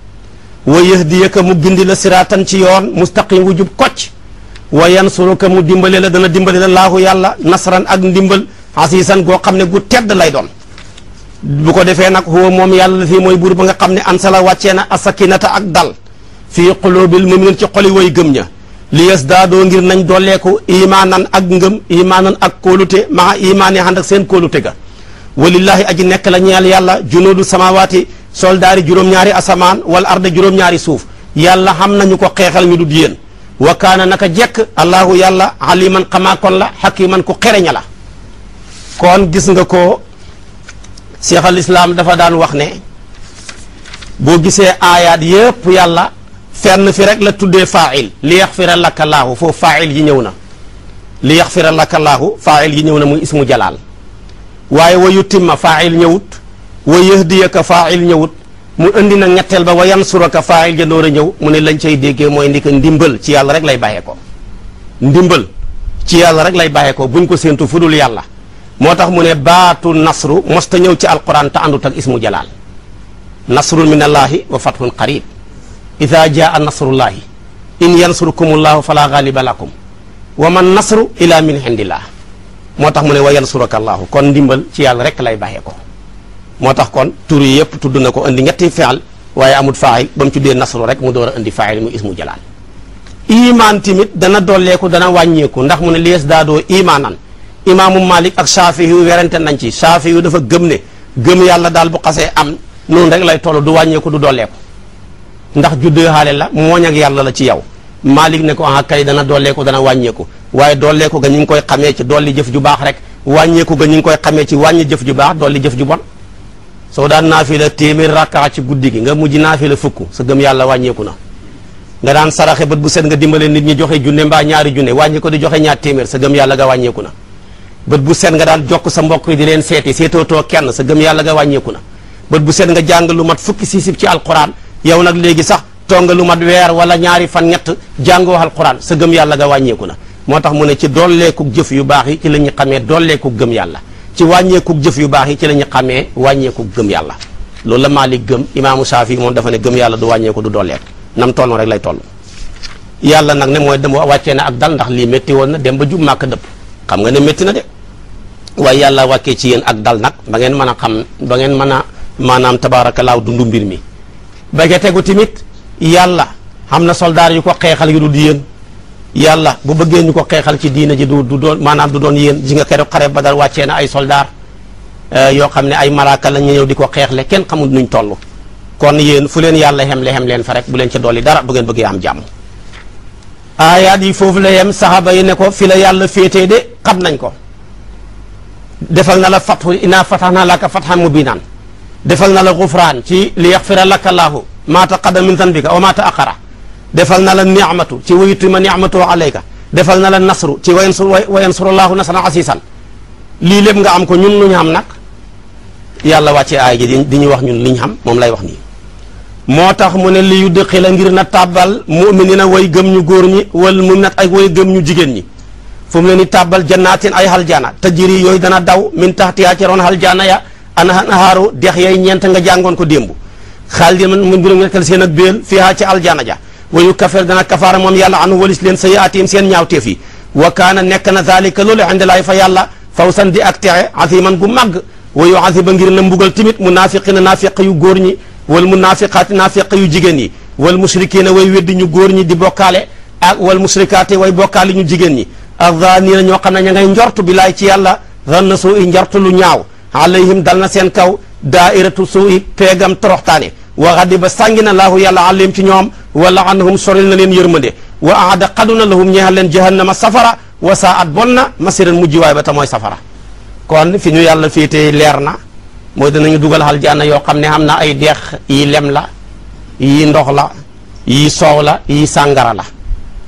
wa yahdiyaka mu gindi la siraatan ci yoon mustaqim wu jub kocc wa yansuruka mu dimbalee la dana dimbale la laahu yàlla nasran ak ndimbal asiisan goo xam ne gu tedd lay doon bu ko defee nag huwa moom yàlla la fii mooy buur ba nga xam ne ansala wàccee na asakinata ak dal fii qulubil mu'minin ci xoli way gëm ña li yes daadoo ngir nañ dolleeku imaanan ak ngëm imaanan ak kóolute maa imaani ànd ak seen kóolute ga walillaahi aji nekk la ñeel yàlla junuudu samawaati soldaari juróom-ñaari asamaan wala arda juróom-ñaari suuf yàlla xam nañu ko xeexal ñu dut wa kaana a jekk allahu yàlla aliman xamaa kon la hakiman ku xereña la kon gis nga ko cheikh al islam dafa daan wax ne boo gisee ayaat yépp yàlla fenn fi rek la tuddee faa'il li yaxfira laka laahu foofu faa'il yi ñëw na li yaxfira laka laahu faa'il yi ñëw na muy ismu jalaal waaye wa yutimma faa'il ñëwut wa yahdiyaka faa'il ñëwut mu indi na ñetteel ba wa yansuraka faa'il ja door a ñëw mu ne lañ cay déggee mooy ndi ndimbal ci yàlla rek lay bàyyee ko ndimbal ci yàlla rek lay bàyyee ko buñ ko séentu fu dul yàlla moo tax mu ne baatu nasru mosta ñëw ci alquran te àndut ak ismu jalaal nasrun min allaahi wa fathun qarib ida jaa nasrullaahi in yansurkum allaahu fala gaaliba lakum wa man nasru ila min indillah moo tax mu ne wa yansuraka allaahu kon ndimbal ci yàlla rek lay bàyyee ko moo tax kon tur yi yëpp tudd na ko indi ñetti fi'il waaye amul faa'il ba mu tuddee nasru rek mu door a indi faa'il mu ismu jalaal iman tamit dana dolleeku dana wàññeeku ndax mu ne lies daadoo imaanan imaamu Malik ak Shaafi yu werante nañ ci Shaafi yu dafa gëm ne gëm yàlla daal bu xasee am noonu rek lay toll du wàññeeku du dolleeku ndax juddoo xaale la moo ak yàlla la ci yow Malik ne ko ah kay dana dolleeku dana wàññeeku waaye dolleeku ga ñu ngi koy xamee ci dolli jëf ju baax rek wàññeeku ga ñu ngi koy xamee ci wàññi jëf ju baax dolli jëf ju bon soo daan naafila téeméer rakka ci guddi gi nga mujj la fukk sa gëm yàlla wàññeeku na nga daan saraxe bët bu set nga dimbale nit ñi joxe junne mbaa ñaari junne wàññi ko di joxe ñaar téeméer sa gëm wàññeeku na bët bu set nga daan jokk sa mbokk yi di leen seeti seetootoo kenn sa gëm yàlla ga wàññeeku na bët bu set nga jàng lu mat fukki siisib ci alquran yow nag léegi sax toog nga lu mat weer wala ñaari fan ñett jàngoo alquran sa gëm yàlla nga wàññeeku na moo tax mu ne ci dooleeku jëf yu baax yi ci la ñu xamee dooleeku gëm yàlla ci wàññeekuk jëf yu baax yi ci la ñu xamee wàññeekuk gëm yàlla loolu la Maalik gëm imaamu Saafi moom dafa ne gëm yàlla du wàññeeku du dooleek nam toll rek lay toll yàlla nag ne mooy dem wàcce na ak dal ndax lii métti woon na dem ba jub màkk dëpp xam nga ne métti na de waaye yàlla wàkkee ci yéen ak dal nag ba ngeen mën a xam ba ngeen mën a maanaam laaw dundu mbir mi ba nga tegu tamit yàlla xam na soldaar yu ko xeexal yu dul yéen yàlla bu bëggee ñu ko xeexal ci diina ji du du doon maanaam du doon yéen ji nga keroog xare Badar wàccee na ay soldaar euh, yoo xam ne ay malaaka la ñu ñëw di ko xeexle kenn xamul nuñ toll kon yéen fu leen yàlla xemle xem leen fa rek bu leen ca dolli dara bu ngeen bëggee am jàmm aayaat yi foofu la yem saxaaba yi ne ko fi la yàlla féetee de xam nañ ko defal na la fathu inaa fatahna laka fathan mubinan defal na la gufraan ci li yaxfira laka laahu maa taqaddama min zanbika wa maa defal na la ni'matu ci wayutima ni'matu alayka defal na la nasru ci wayansur wayansurullahu nasran asisan lii lépp nga am ko ñun lu ñu xam nag yàlla wàcce aay ji di ñu wax ñun li ñu xam moom lay wax nii moo tax mu ne li yu dëqi la ngir na tàbbal na way gëm ñu góor ñi wal na ay way gëm ñu jigéen ñi fu mu leen di tàbbal jannaatin ay haljaana tajiri yooyu dana daw min taxtiyaa ci roon haljaana ya anahaaru dex yay ñeent nga jàngoon ko démb xaal di mun bu nekk seen ak béel ci aljaana ja wayu kafir dana kafaara moom yàlla anu walis leen sayiaatihim seen ñaawteef yi wa kaana nekk na zalika loolu indilaahi fa yàlla fawsan di ak texe aziman gu màgg wayu aziba ngir na mbugal tamit munaafiqina naafiq yu góor ñi wal munaafiqaati naafiq yu jigéen ñi wal musrikiina way weddi ñu góor ñi di bokkaale ak wal musrikaati way bokkaale ñu jigéen ñi azaaniina ñoo xam ne ña ngay njortu bi laay ci yàlla ran na suu i njortu lu ñaaw alayhim dal na seen kaw daairatu suu i peegam toroxtaane wa xadiba sàngi na laahu yàlla alayhim ci ñoom wala anhum soril na leen yërmande wa aada la lahum ñeexal leen jahannama safara wa saat bon na masiran mujj waay ba ta mooy safara kon fi ñu yàlla féetee leer na mooy danañu dugal xal janna yoo xam ne am na ay deex yi lem la yi ndox la yi soow la yi sàngara la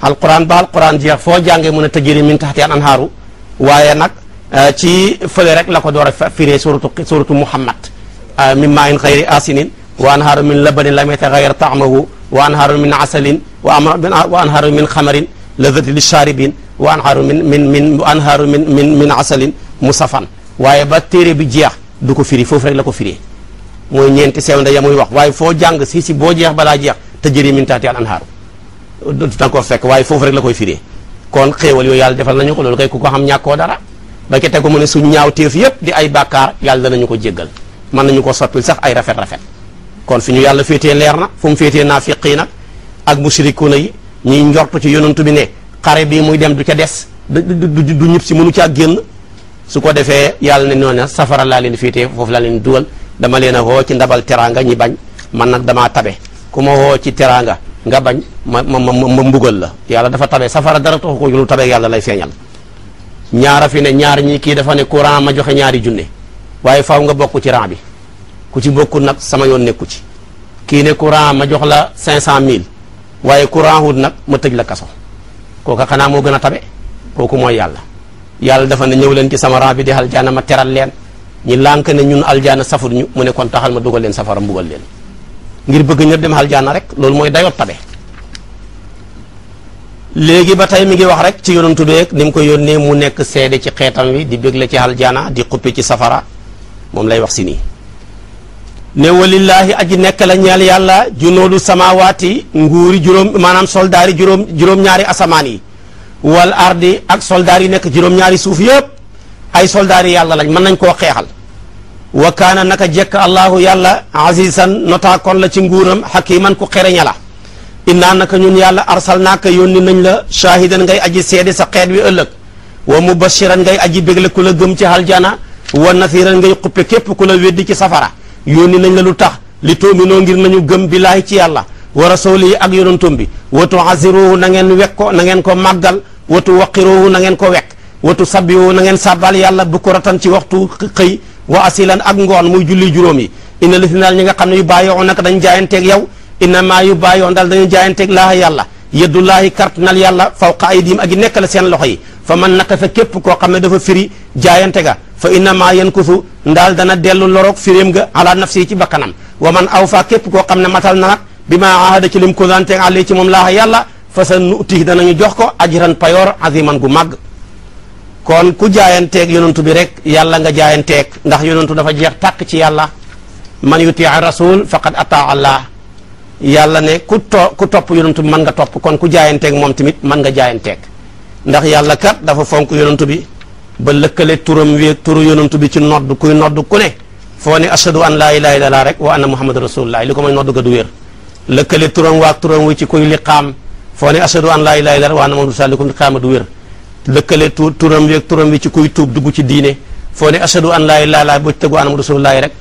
alquran ba alquran jeex foo jàngee mu a tajiri min taxti an anhaaru waaye nag eh, ci fële rek la ko door a firee suratu suratu muhammad eh, min maa in asinin wa anhaaru min labanin lam yataxayyar taamahu wa anhaaru min asalin wa anhaaru min xamarin lazati lisharibin wa anhaaru min min min wa anhaaru min min min asalin musafan waaye ba téere bi jeex du ko firi foofu rek la ko firi mooy ñeenti sew nda ya muy wax waaye foo jàng si si boo jeex balaa jeex te jëri min taati al anhaaru danga waaye foofu rek la koy firi kon xéewal yooyu yàlla defal na ñu ko loolu kay ku ko xam ñàkkoo dara ba ca ko mu ne suñ ñaaw téef yëpp di ay bàkkaar yàlla danañu ko jéggal mën nañu ko soppil sax ay rafet rafet kon fi ñu yàlla féetee leer na fu mu féetee naafiqi nag ak musrikuuna yi ñuy njort ci yonantu bi ne xare bii muy dem du ca des du ñëpp si mënu caa génn su ko defee yàlla ne noonu safara laa leen féetee foofu la leen dugal dama leen a woo ci ndabal teraanga ñi bañ man nag damaa tabe ku ma woo ci teraanga nga bañ ma ma ma mbugal la yàlla dafa tabe safara dara taxu ko lu tabe yàlla lay feeñal ñaara fi ne ñaar ñi kii dafa ne courant ma joxe ñaari junne waaye faaw bi ku ci bokkul nag sama yoon nekku ci kii ne courant ma jox la cinq cent mille waaye courant wut nag ma tëj la kaso kooku xanaa moo gën a tabe kooku mooy yàlla yàlla dafa ne ñëw leen ci sama rang bi di aljaana ma teral leen ñi lànk ne ñun aljaana safut ñu mu ne kon taxal ma dugal leen safara mbugal leen ngir bëgg ñëpp dem aljaana rek loolu mooy dayot tabe léegi ba tey mi ngi wax rek ci yonantu beeg ni mu ko yónnee mu nekk seede ci xeetam wi di bëgg la ci aljaana di xuppe ci safara moom lay wax si nii ne walillaahi aji nekk la ñeel yàlla junoodu samaawaati nguuri juróom maanaam soldaari juróom juróom-ñaari asamaan yi wal ardi ak soldaar yi nekk juróom-ñaari suuf yëpp ay soldaari yàlla lañ mën nañ koo xeexal wa kaana naka jekk allaahu yàlla azizan notaakoon la ci nguuram xakiman ku xereña la innaa naka ñun yàlla arsal naa arsalnaaka yónni nañ la shaahidan ngay aji seede sa xeet wi ëllëg wa mubashiran ngay aji bégle ku la gëm ci aljana wa nathiran ngay xuppe képp ku la ci safara yónni nañ la lu tax li tuuminoo ngir nañu gëm billaahi ci yàlla wa rasulihi ak yonantum bi watu aziruhu na ngeen wek ko na ngeen ko màggal watu waqiruhu na ngeen ko wekk watu sabbihu na ngeen sàbbal yàlla bukratan ci waxtu xëy wa asilan ak ngoon muy julli juróom yi inna lisinaal ñi nga xam ne yu bàyyoo nag dañ jaayanteeg yow inna maa yu bàyyoo daal dañu jaayanteeg laaha yàlla yeddullaahi kartenal yàlla fawqa aydiim ak yi nekk la seen loxo yi fa man naqafa képp koo xam ne dafa firi jaayante ga fa innama yankusu ndaal dana dellu loroog firéem ga ala nafsi ci bakkanam wa man awfa képp koo xam ne matal na bi ma ahada ci lim ko dante àllee ci moom laaxa yàlla fa sa nuti danañu jox ko ajran payoor aziman gu màgg kon ku jaayanteeg yonantu bi rek yàlla nga jaayanteeg ndax yonantu dafa jeex tàkk ci yàlla man rasuul rasul faqad ata allah yàlla ne ku to ku topp yonantu bi mën nga topp kon ku jaayanteeg moom tamit man nga jaayanteeg ndax yàlla kat dafa fonk yonantu bi ba lëkkale turam wi ak turu yonantu bi ci nodd kuy nodd ku ne foo ne ashadu an laa ilaaha illallah rek wa anna muhammad rasulullah li ko mooy nodd ga du wér lëkkale turam waa turam wi ci kuy liqaam foo ne ashadu an laa ilaaha wa anna muhammad rasulullah li ko liqaama du wér lëkkale tu turam wi ak turam ci kuy tuub dugg ci diine foone ne ashadu an laa ilaaha illallah boo ci tegu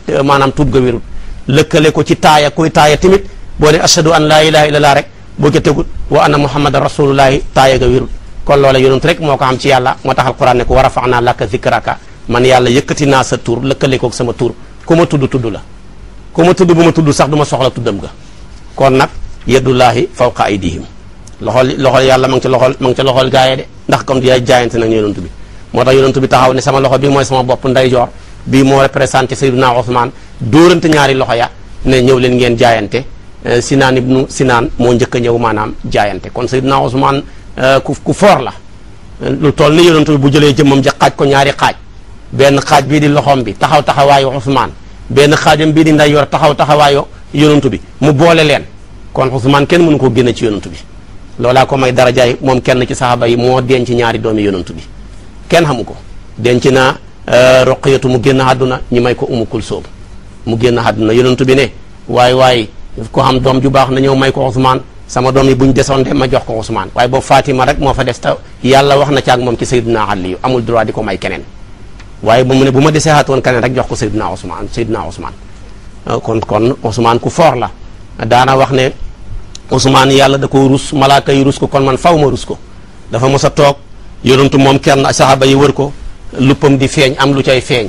anna muhammad euh, ga wérul lëkkale ko ci taaya kuy taaya tamit boo ne ashadu an laa ilaaha rek boo ca tegu wa anna muhammad rasulullah taaya ga wérul kon loola yonent rek moo ko am ci yàlla moo tax alquran ne ko wa rafa'naa laka zikraka man yàlla yëkkati naa sa tur lëkkale koog sama tur ku ma tudd tudd la ku ma tudd bu ma tudd sax du ma soxla tuddam ga kon nag yadullaahi fawqa aydihim loxol loxol yàlla ma ngi ci loxol ma ngi ci loxol gaaye de ndax comme yaay jaayante nag yonent bi moo tax yonent bi taxaw ne sama loxo bi mooy sama bopp ndeyjoor bii moo représenté Sayyiduna Usmaan dóorante ñaari loxo ya ne ñëw leen ngeen jaayante eh, Sinaan ibnu Sinaan moo njëkk a ñëw maanaam jaayante Euh, ku ku foor la lu toll ni yonent bi bu jëlee jëmmam ja xaaj ko ñaari xaaj benn xaaj bii di loxoom bi taxaw taxawaayu Ousmane benn xaajam bii di yor taxaw taxawaayu yonent bi mu boole leen kon Ousmane kenn mënu ko génne ci yonent bi loolaa ko may darajaay moom kenn ci saxaaba yi moo denc ñaari doomi yonent bi kenn xamu ko denc na naa euh, Roqiyatu mu génn àdduna ñu may ko Umu Kulsoom mu génn àdduna yonent bi ne waaye waaye ku xam doom ju baax na ñëw may ko sama doom yi bu ñu desoon de ma jox ko Ousmane waaye boobu Fatima rek moo fa des ta yàlla wax na ci ak moom ci Seydina Ali amul droit di ko may keneen waaye ba mu ne bu ma desee xaatoon keneen rek jox ko Seydina Ousmane Seydina Ousmane euh, kon kon Ousmane ku foor la daana wax ne Ousmane yàlla da ko rus malaaka yi rus ko kon man faw ma rus ko dafa mos a toog yonantu moom kenn saxaaba yi wër ko luppam di feeñ am lu cay feeñ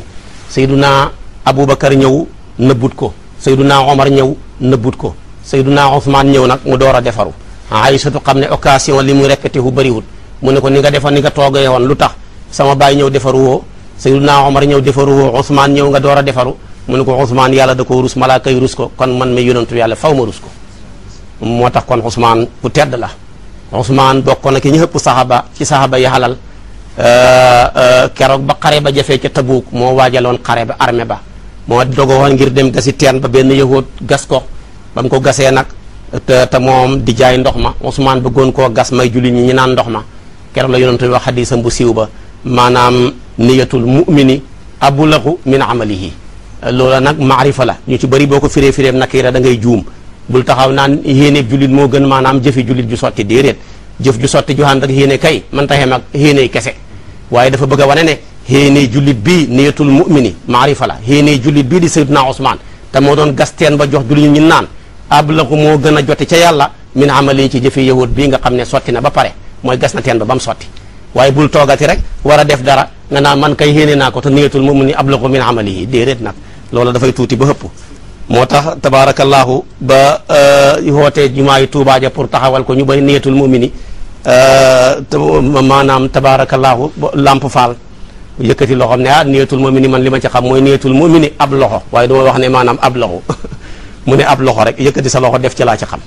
Seydina Aboubacar ñëw nëbbut ko Seydina Omar ñëw nëbbut ko Seydunaa Ousmane ñëw nag mu door a defaru Aysatu xam ne occasion li mu répété wu bëriwul mu ne ko ni nga defa ni nga toogee woon lu tax sama baay ñëw defaru woo Seydunaa Omar ñëw defaru woo Ousmane ñëw nga door a defaru mu ne ko Ousmane yàlla da ko rus malaaka yi rus ko kon man mi yonantu yàlla faw ma rus ko moo tax kon Ousmane ku tedd la Ousmane bokkoon na ki ñu ëpp saxaba ci saxaba yi xalal euh, euh, keroog ba xare ba jafee ca Tabuuk moo waajaloon xare ba armée ba moo dogowoon ngir dem gasi teen ba benn yëhoot gas ko ba mu ko gasee nag te te moom di jaay ndox ma Ousmane bëggoon ko gas may jullit ñi ñi naan ndox ma keroog la yonent bi wax xadisam bu siiw ba maanaam niyatul mumini abulaxu min amalihi loola nag maarifa la ñu ci bëri boo ko firee fireem nakira da ngay juum bul taxaw naan yéene jullit moo gën maanaam jëfi jullit ju sotti déedéet jëf ju sotti ju ànd ak yéene kay man taxem ak yéene kese waaye dafa bëgg a wane ne yéene jullit bii niyatul mumini maarifa la yéene jullit bii di Seydina Ousmane te moo doon gas ba jox jullit ñi naan ablaxu moo gën a jote ca yàlla min amali ci jëfi yahud bii nga xam ne sotti na ba pare mooy gas na teen ba ba sotti waaye bul toogati rek war a def dara nga naan man kay yéene naa ko te niyatul mu ni ablaxu min amali yi déedéet nag loolu dafay tuuti ba ëpp moo tax tabaarakallaahu ba hootee euh, jumaa yi Tuubaa ja pour taxawal ko ñu bari niyatul mumini euh, maanaam tabaarakallaahu lamp faal yëkkati loxom ne ah niyatul mumini man li ma ci xam mooy niyatul mumini ab loxo waaye duma wax ne maanaam ab loxo mu ne ab loxo rek yëkkati sa loxo def ci laa ci xam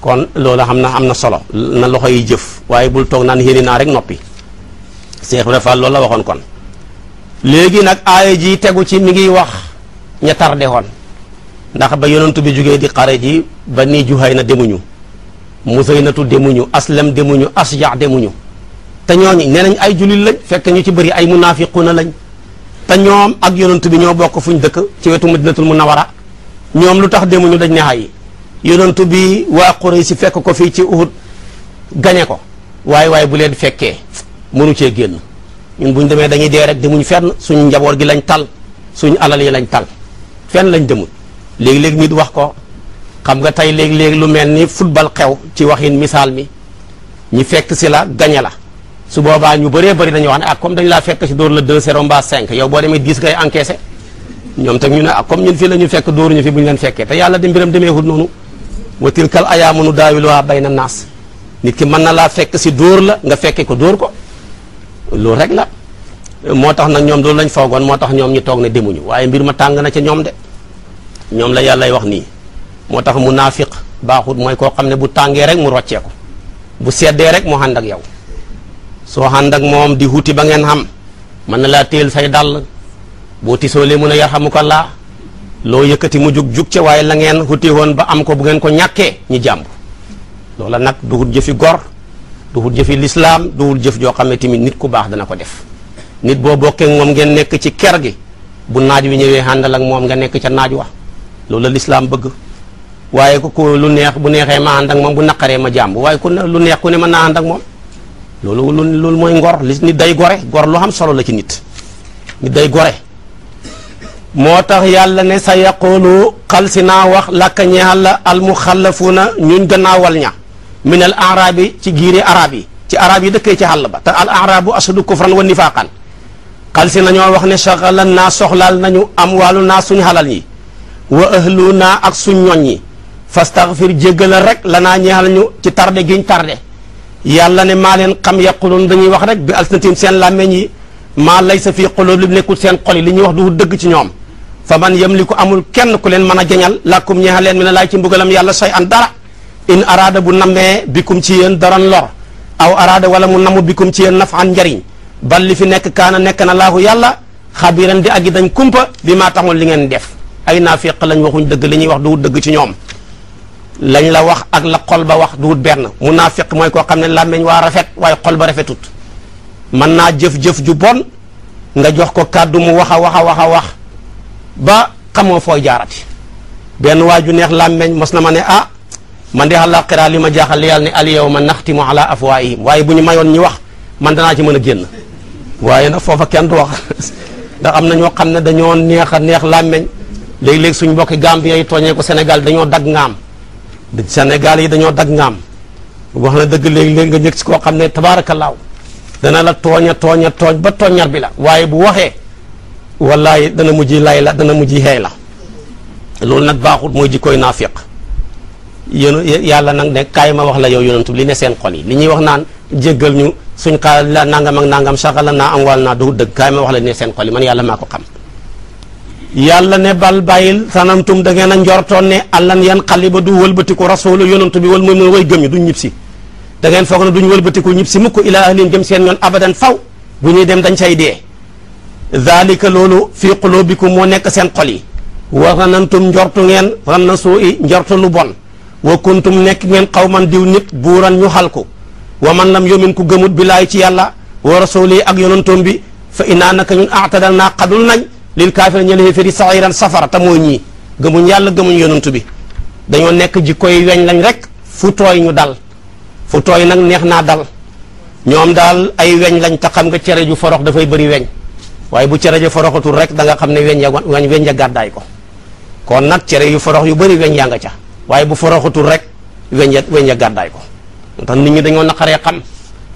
kon loolu xam na am na solo na loxo yi jëf waaye bul toog naan yéene naa rek noppi Cheikh Ibra Fall loolu la waxoon kon léegi nag aaya ji tegu ci mu ngi wax ña tardé woon ndax ba yonentu bi jógee di xare ji ba nii juhay na demuñu musaynatu demuñu aslam demuñu asja demuñu te ñooñu nee nañ ay jullit lañ fekk ñu ci bëri ay na lañ te ñoom ak yonentu bi ñoo bokk fu ñu dëkk ci wetu madinatul munawara ñoom lu tax demuñu dañ ne xayi yonantu bi waa yi si fekk ko fii ci Uhud gañe ko waaye waaye bu leen fekkee mënu cee génn ñun buñ demee dañuy dee rek demuñu fenn suñu njaboot gi lañ tal suñu alal yi lañ tal fenn lañ demul léegi-léegi nit wax ko xam nga tey léegi-léegi lu mel ni football xew ci waxin misaal mi ñi fekk si la gañe la su boobaa ñu bëree bëri dañuy wax ne ah comme dañ laa fekk si dóor la 2 0 mbaa cinq yow boo demee 10 ngay encaissé ñoom tam ñu ne ak ah, comme ñun fii la ñu fekk dóoruñu fi bu ñu leen fekkee te yàlla di mbiram demeewul noonu wa tilkal ayaamu nudaawiluhaa bayna naas nit ki mën na laa fekk si dóor la nga fekke ko dóor ko loolu rek la moo tax nag ñoom loolu lañ foogoon moo tax ñoom ñu toog ne demuñu waaye mbir ma tàng na ca ñoom de ñoom la yàllay wax nii moo tax munaafiq baaxut mooy koo xam ne bu tàngee rek mu rocceeku bu seddee rek mu ànd ak yow soo ànd ak moom di huti ba ngeen am mën na laa téel say dàll boo tisoolee mun a laa loo yëkkati mu jug jug ca waaye la ngeen xuti woon ba am ko bu ngeen ko ñàkkee ñi jàmb loola nag duhut jëfi gor duhut jëfi lislaam duhut jëf joo xam ne tamit nit ku baax dana ko def nit boo bokkee moom ngeen nekk ci ker gi bu naaj wi ñëwee àndal ak moom nga nekk ca naaj wa loola lislaam bëgg waaye ku ko lu neex bu neexee ma ànd ak moom bu naqaree ma jàmb waaye ku lu neex ku ne ma naa ànd ak moom loolu loolu mooy ngor li nit day gore gor lu am solo la ci nit day gore moo tax yàlla ne sa yaqulu xal naa wax lakka ñeexal la almuxallafuuna ñuñ gannaawal ña min al arabi ci giiri arab yi ci arab yi dëkkee ci xàll ba te al arabu asadu kufran wa nifaaqan xal si nañoo wax ne saxalan naa soxlaal nañu am waalu naa suñ xalal yi wa ahlu naa ak suñ ñoñ ñi fastaxfir jéggala rek lanaa ñeexal ñu ci tarde giñ tarde yàlla ne maa leen xam yaqulun dañuy wax rek bi alsinatim seen làmmeñ yi maa laysa fii quluub li nekkul seen xol yi li ñuy wax du dëgg ci ñoom fa man li ko amul kenn ku leen mën a jeñal làkkum ñeexal leen mi ne laay ci mbugalam yàlla say an dara in araada bu nammee bikum ci yéen dara lor aw araada wala mu namm bikum ci yéen nafaan njariñ bal li fi nekk kaana nekk na laahu yàlla xabiran di agi dañ kumpa bi maa taxoon li ngeen def ay naa naafiq lañu waxuñ dëgg li ñuy wax du dëgg ci ñoom lañ la wax ak la xol ba wax du benn munaafiq mooy koo xam ne làmmeñ waa rafet waaye ba rafetut man naa jëf-jëf ju bon nga jox ko kàddu mu wax a wax a wax a wax ba xamoo fooy jaarati benn waa ju neex làmmeñ mos na ma ne ah man de àllaaxira li ma jaaxal yàlla ne al yawma naxtimu ala afwaahihim waaye bu ñu mayoon ñu wax man danaa ci mën a génn waaye nag foofa kenn du wax ndax am na ñoo xam ne dañoo neex a neex làmmeñ léeg-léeg suñ mbokki Gambien yi tooñee ko senegal dañoo dagg ngaam Sénégal yi dañoo dagg ngaam wax na dëgg léegi léeg nga ñëg si koo xam ne tabaarakallaahu dana la tooña a tooñ a tooñ ba tooñar bi la waaye bu waxee wallaay dana mujj lay la dana mujj xeey la loolu nag baaxut mooy jikkooy naafiq yéen yàlla nag ne kaay wax la yow yonantu li ne seen xol yi li ñuy wax naan jéggal ñu suñ xaalis la nangam ak nangam saxala naa am wàll naa du dëgg kaay ma wax la li ne seen xol yi man yàlla maa ko xam yàlla ne bal bàyyil sanamtum da ngeen a njortoon ne allan yan xali ba du wëlbatiku rasulu yonantu bi wal mooy mooy way gëm ñu du ñib si da ngeen foog ne duñ wëlbatiku ñib si mukk ilaa ahlihim jëm seen yoon abadan faw bu ñuy dem dañ cay dee daalika loolu fii qulubikum moo nekk seen xol yi wa ranantum njortu ngeen ranna suu i njortu lu bon wa kuntum nekk ngeen xawman diw nit buuran ñu xal ko wa man lam yomin ku gëmut bilaay ci yàlla wa rasuli ak yonantoom bi fa inaa naka ñun na naa xadul nañ lil kaafira ña la firi sairan safara te mooy ñii gëmuñ yàlla gëmuñ yonantu bi dañoo nekk jikkoy weñ lañ rek fu tooy ñu dal fu tooy nag neex naa dal ñoom daal ay weñ lañ te xam nga cere ju forox dafay bëri weñ waaye bu cere ju foroxatul rek da xam ne weñ ya weñ ya gàddaay ko kon nag cere yu forox yu bari weñ yaa nga ca waaye bu foroxatul rek weñ ya weñ ya gàddaay ko tax nit ñi dañoo naqaree xam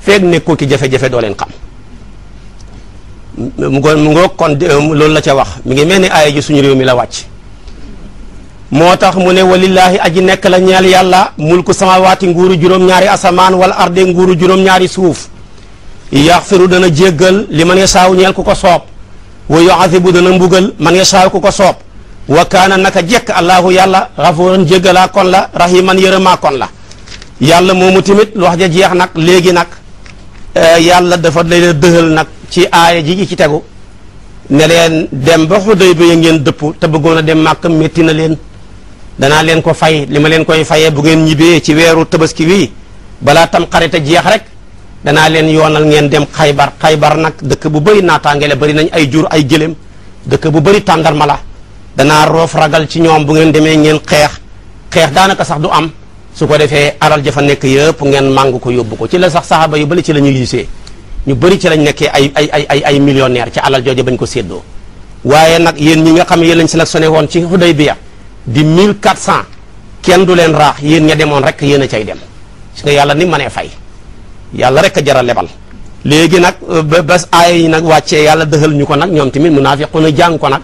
feeg nekkoo ci jafe-jafe doo leen xam mu ngo mu ngoog kon loolu la ca wax mu ngi mel ni aaya ji suñu réew mi la wàcc moo tax mu ne walillaahi aji nekk la ñeel yàlla mulku samawaati nguuru juróom-ñaari asamaan wala arde nguuru juróom-ñaari suuf yaxfiru dana jéggal li man yasaaw ñeel ku ko soob wa yuazibu dana mbugal man yasaaw ku ko soob wa kaana a jekk allaahu yàlla xafuuran jéggalaa kon la rahiman yërëmaa kon la yàlla moomu tamit lu wax ja jeex nag léegi nag eh, yàlla dafa lay nag ci aaya ji ci tegu ne dem ba xuday bi ya ngeen dëpp te bëggoon dem màkk métti na leen danaa leen ko fay li ma leen koy fayee bu ngeen ñibbee ci weeru tabaski wi balaa tam xarita jeex rek danaa leen yoonal ngeen dem xaybar xaybar nag dëkk bu bëri naataange bari nañ ay jur ay gëléem dëkk bu bëri tàndarma la danaa roof ragal ci ñoom bu ngeen demee ngeen xeex xeex daanaka sax du am su ko defee alal jafa nekk yëpp ngeen màng ko yóbbu ko ci la sax saxaaba yu bëri ci la ñuy gisee ñu bëri ci lañ nekkee ay ay ay ay ay millionnaire ci alal jooju bañ ko séddoo waaye nag yéen ñi nga xam yéen lañ sélectionné woon ci Hudaybiya di mille quatre cent kenn du leen raax yéen ña demoon rek yéen a cay dem gis nga yàlla ni mënee fay yàlla rek a jar a lebal léegi nag euh, ba bés aaya yi nag wàccee yàlla dëxal ñu ko nag ñoom tamit a jàng ko nag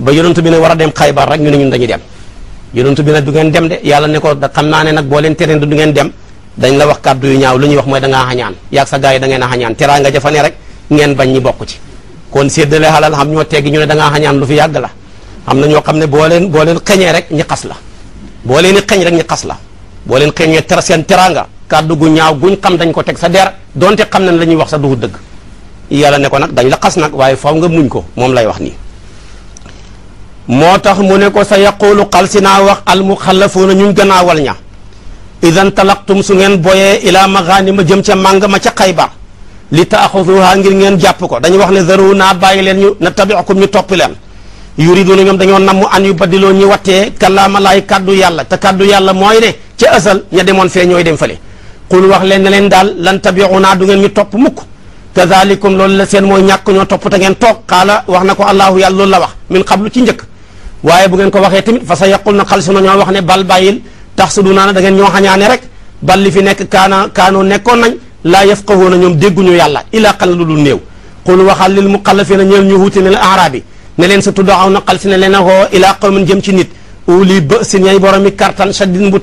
ba yonentu bi war a dem xaybar rek ñu ne ñun dañuy dem yonentu bi nag du ngeen dem de yàlla ne ko xam naa ne nag boo leen du ngeen dem dañ la wax kàddu yu ñaaw lu ñuy wax mooy da ngaa xañaan yaag sa gars yi da ngeen a xañaan teraanga jafane rek ngeen bañ ñi bokk ci kon séddale xalal xam ñoo teggi ñu ne da ngaa lu fi yàgg la am na ñoo xam ne boo leen boo leen xeñee rek ñi xas la boo leen i rek ñi xas la boo leen xeñee ter seen teraanga kàddu gu ñaaw guñ xam dañ ko teg sa der donte xam nañ la ñuy wax sa duhu dëgg yàlla ne ko nag dañ la xas nag waaye faw nga muñ ko moom lay wax nii moo tax mu ne ko sa yaqulu xal si naa wax al muxallafuuna ñuñ gannaawal ña idan talaqtum su ngeen boyee ilaa ma jëm ca màng ma ca xayba li taaxuduha ngir ngeen jàpp ko dañu wax ne zaru naa bàyyi leen ñu na tabiakum ñu toppi leen yuriduna ñoom dañoo namm an yu baddiloo ñi wattee kàllaama laay kàddu yàlla te kàddu yàlla mooy ne ca asal ña demoon fee ñooy dem fële qul wax leen ne leen daal lan naa du ngeen ñu topp mukk kazalikum lool la seen mooy ñàkk ñoo topp te ngeen toog xaala wax na ko allaahu yàlla loolu la wax min qablu ci njëkk waaye bu ngeen ko waxee tamit fa sa yaqul na xal si na ñoo wax ne bal bàyyil tax su du naa na da ngeen ñoo xañaane rek bal fi nekk kaana kaanoo nekkoon nañ laa yafqahuuna ñoom dégguñu yàlla ilaa xala lu dul néew qul waxal lil muxallafina ñeel ñu wuute ne la ne leen sa tuddoo aw naqal leen a woo ilaa qawmin jëm ci nit uli bë si ñay kartan shadidin bu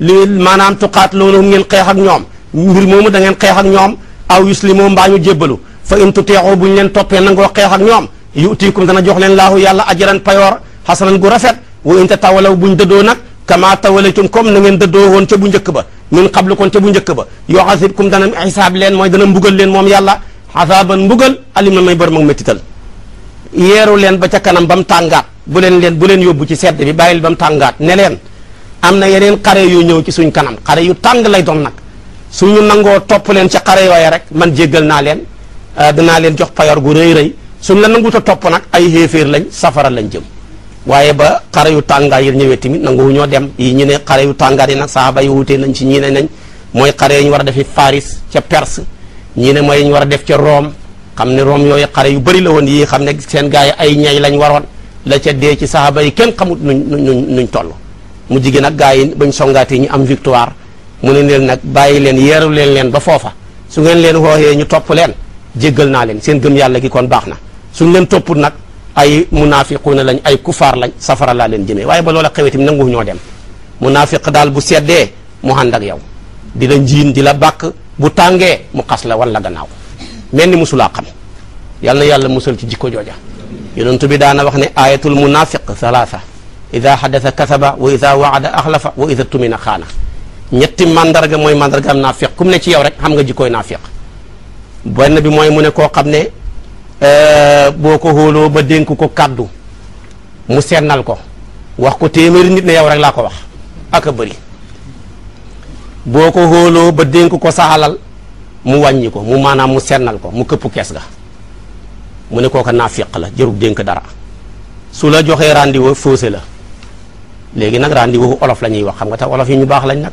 li maanaam tuqaat loolu ngeen xeex ak ñoom mbir moomu da xeex ak ñoom aw yuslimoo mbaa ñu jébbalu fa in tuteexoo bu ñu leen toppee nangoo xeex ak ñoom dana jox leen laahu yàlla ajaran payoor xasanan gu rafet wa in tatawalaw bu ñu dëddoo kama tawalaytum comme na ngeen dëddoo woon ca bu njëkk ba min xablu ba yuxasibkum dana xisaab leen mooy dana mbugal leen moom yàlla xasaaban mbugal alim na yeeru leen ba ca kanam ba mu tàngaat bu leen leen bu leen yóbbu ci sedd bi bàyyil ba mu tàngaat ne leen am na yeneen xare yu ñëw ci suñ kanam xare yu tàng lay doon nag suñu nangoo topp leen ca xare yooya rek man jéggal naa leen euh, danaa leen jox payor gu rëy rëy suñ la nangut a topp nag ay xéeféer lañ safara lañ jëm waaye ba xare yu tàngaar yi ñëwee tamit nanguwu dem yi ñu ne xare yu tàngaar yi nag saxaaba yi wutee nañ ci ñii nañ mooy xare yi ñu war a defi Faris ca Perse ñii ne mooy ñu war a def ca Rome xam ne room yooyu xare yu bëri la woon yii xam ne seen gars yi ay ñay lañ waroon la ca dee ci saxaaba yi kenn xamut nuñ nuñ nuñ toll mu jigéen nag gars yi bañ songaatee ñu am victoire mu ne leen nag bàyyi leen yeeru leen leen ba foofa su ngeen leen wooyee ñu topp leen jéggal naa leen seen gëm yàlla gi kon baax na suñ leen toppul nag ay munaafiquuna lañu ay kufaar lañ safara laa leen jëmee waaye ba loola xewee tamit nangu ñoo dem munaafiq daal bu seddee mu ànd ak yow di la njiin di la bàkk bu tàngee mu xas la wan la gannaaw mel ni musulaa xam yàlla na yàlla musal ci jikko jooja yonent bi daana wax ne ayatul munafiq salaasa ida xadasa kasaba wa ida waada axlafa wa ida tumina xaana ñetti mandarga mooy mandargaam naafiq kum ne ci yow rek xam nga jikkooy naafiq benn bi mooy mu ne koo xam ne euh, boo ko xóoloo ba dénk ko kàddu mu sennal ko wax ko téeméeri nit ne yow rek laa ko wax ak a bëri boo ko xóoloo ba ko sa mu wàññi ko mu maanaam mu sennal ko mu këpp kees ga mu ne kooka naafiq la jërub dénk dara su la joxee rendez-vous faussé la léegi nag rendez-vous olof la ñuy wax xam nga tax olof yi ñu baax lañ nag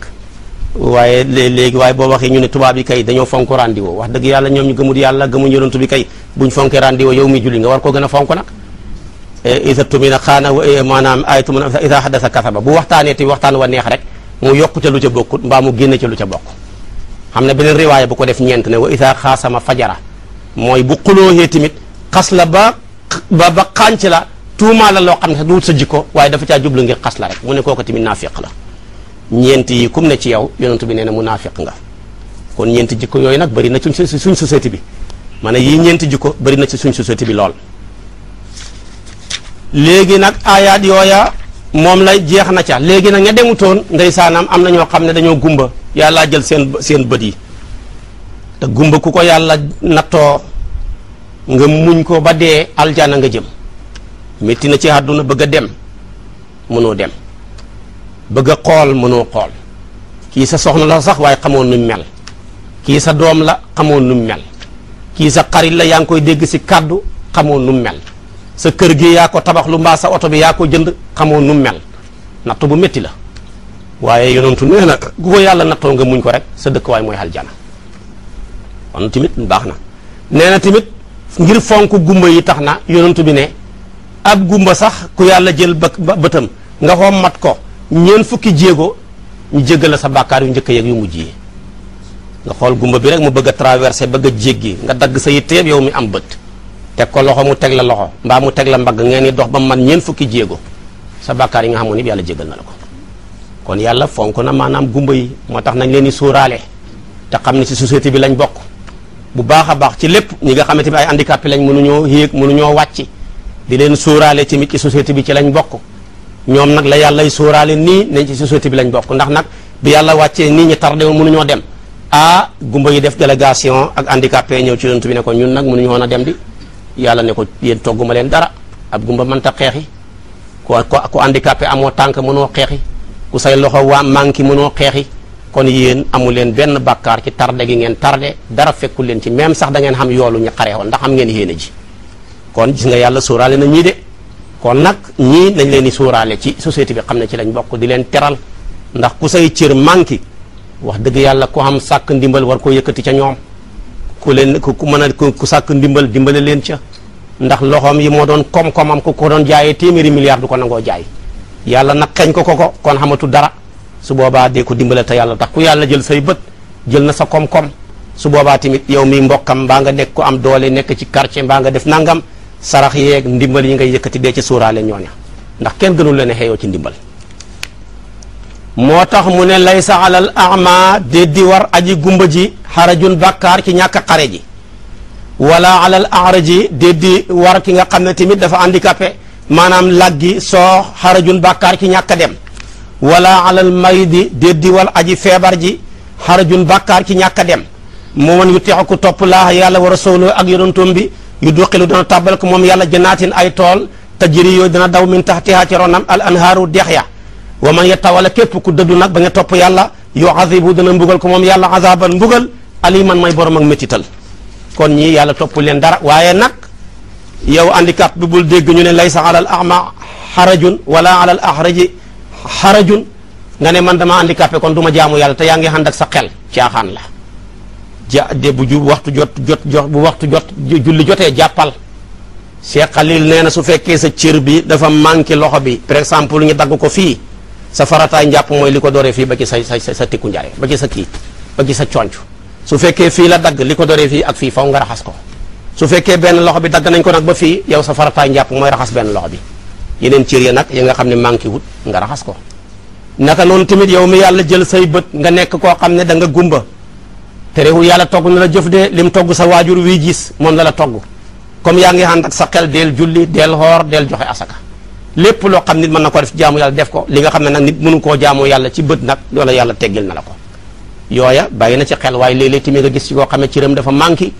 waaye léegi waaye boo waxee ñu ne tubaab yi kay dañoo fonk rendez-vous wax dëgg yàlla ñoom ñu gëmul yàlla gëmuñ yonent bi kay buñ fonkee rendez-vous yow mi julli nga war koo gën a fonk nag e, isa tumina xaana e, maanaam ay tumina isa xadasa kasaba bu waxtaanee ti waxtaan wa neex rek mu yokk ca lu ca bokkut mbaa mu génn ca lu ca bokk xam na beneen riwaaya bu ko def ñeent ne wa isaa xaasama fajara mooy bu xulooxee tamit xas la ba ba ba xànc la tuumaa la loo xam ne duwut sa jikko waaye dafa caa jublu ngir xas la rek mu ne kooku tamit naafiq la ñeent yi kum ne ci yow yonent bi nee na mu naafiq nga kon ñeenti jikko yooyu nag bëri na ci suñ société bi ma ne yii ñeenti jikko bari na ci suñ société bi lool léegi nag aayaat yooya moom la jeex na ca léegi nag ña demutoon ndeysaanam am na ñoo xam ne dañoo gumba yàllaa jël seen seen bët yi te gumba ku ko yàlla nattoo nga muñ ko ba dee aljana nga jëm metti na ci àdduna bëgg a dem mënoo dem bëgg a xool mënoo xool kii sa soxna la sax waaye xamoon nu mel kii sa doom la xamoon nu mel kii sa xarit la yaa ngi koy dégg si kàddu xamoon nu mel sa kër gi yaa ko tabax lu mbaa sa oto bi yaa ko jënd xamoon nu mel natt bu metti la waaye yonentu nee na gu ko yàlla nattoo nga muñ ko rek sa dëkkuwaay mooy aljana kon tamit baax na nee na tamit ngir fonk gumba yi tax na yonentu bi ne ab gumba sax ku yàlla jël ba bëtam nga xom mat ko ñeent fukki jéego ñu jéggal la sa bàkkaar yu njëkk yeeg yu mujj yi nga xool gumba bi rek mu bëgg a traversé bëgg a jéggi nga dagg sa yitte yow mi am bët teg ko loxo mu teg la loxo mbaa mu teg la mbagg ngeen ni dox ba mu man ñeent fukki jéego sa bàkkaar yi nga xamoon yëpp yàlla jéggal na ko kon yàlla fonk na maanaam gumba yi moo tax nañ leen di sóoraale te xam ne si société bi lañ bokk bu baax a baax ci lépp ñi nga xamante ne ay handicapé lañ mënuñoo yéeg mënuñoo wàcc di leen sóoraale tamit ci société bi ci lañ bokk ñoom nag la yàllay sóoraale nii nañ ci société bi lañ bokk ndax nag bi yàlla wàccee nii ñi tardé woon mënuñoo dem ah gumba yi def délégation ak handicapé ñëw ci yonent bi ne ko ñun nag mënuñoo woon a dem di yàlla ne ko yéen togguma leen dara ab gumba mënta xeexi ko ko handicapé amoo tànk mënoo xeexi ku say loxo waa manqué mënoo xeexi kon yéen amu leen benn bàkkaar ci tarde gi ngeen tarde dara fekku leen ci même sax da ngeen xam yoolu ñu xaree woon ndax am ngeen yéene ji kon gis nga yàlla sóoraale na ñii de kon nag ñii dañ leen di sóoraale ci société bi xam ne ci lañ bokk di leen teral ndax ku say cër manqué wax dëgg yàlla ku am sàkk ndimbal war ko yëkkati ca ñoom ku leen ku mën a ku sàkk ndimbal dimbale leen ca ndax loxoom yi moo doon koom-koomam ku ko doon jaayee téeméeri milliard du ko nangoo jaay yàlla nag xeñ ko ko ko kon xamatu dara su boobaa dee ko dimbale te yàlla tax ku yàlla jël say bët jël na sa koom-koom su boobaa tamit yow mi mbokkam mbaa nga nekk ko am doole nekk ci quartier mbaa nga def nangam sarax yeeg ndimbal yi ngay yëkkati dee ci suuraale ñooña ndax kenn gënul leen a xeeyoo ci ndimbal moo tax mu ne lay laysa alal ama déeddi war aji gumba ji xarajun bàkkaar ci ñàkk xare ji wala alal araji déeddi war ki nga xam ne tamit dafa handicapé maanaam laggi soox xarajun bàkkaar ci ñàkk dem wala alal maridi déddi wal aji feebar ji xarajun bàkkaar ki ñàkk dem mu man yu teex ku topp laax yàlla war a sowloo ak yonantoom bi yu duqilu dana tàbbal ko moom yàlla janaatin ay tool tajiri yooyu dana daw min taxtiha ci ronam al anhaaru dex ya wa man yatawalla képp ku dëddu nag ba nga topp yàlla yu azibu dana mbugal ko moom yàlla azaban mbugal aliman may boro ak métital kon ñii yàlla topp leen dara yow handicap bi bul dégg ñu ne lay sax alal ama xarajun wala alal ahraji xarajun nga ne man dama handicapé kon du ma jaamu yàlla te yaa ngi ànd ak sa xel caaxaan la ja de bu ju waxtu jot jot bu waxtu jot julli jotee jàppal Cheikh Khalil nee na su fekkee sa ciir bi dafa manqué loxo bi par exemple ñu dagg ko fii sa farataay njàpp mooy li ko dooree fii ba ci sa sa sa tikku njaay ba ci sa kii ba ci sa conc su fekkee fii la dagg li ko dooree fii ak fii faw nga raxas ko su fekkee benn loxo bi dagg nañ ko nag ba fii yow sa farataay njàpp mooy raxas benn loxo bi yeneen cër ya nag yi nga xam ne manqué wut nga raxas ko naka noonu tamit yow mi yàlla jël say bët nga nekk koo xam ne da nga gumba te réewu yàlla togg na la jëf de lim togg sa waajur wi gis moom na la togg comme yaa ngi ànd ak sa xel deel julli deel xoor del joxe asaka lépp loo xam nit mën na ko def jaamu yàlla def ko li nga xam ne nag nit mënu koo jaamu yàlla ci bët nag loola yàlla teggil na la ko yooya bàyyi na ci xel waaye léeg-léeg tamit nga gis xam ne cëram dafa manqué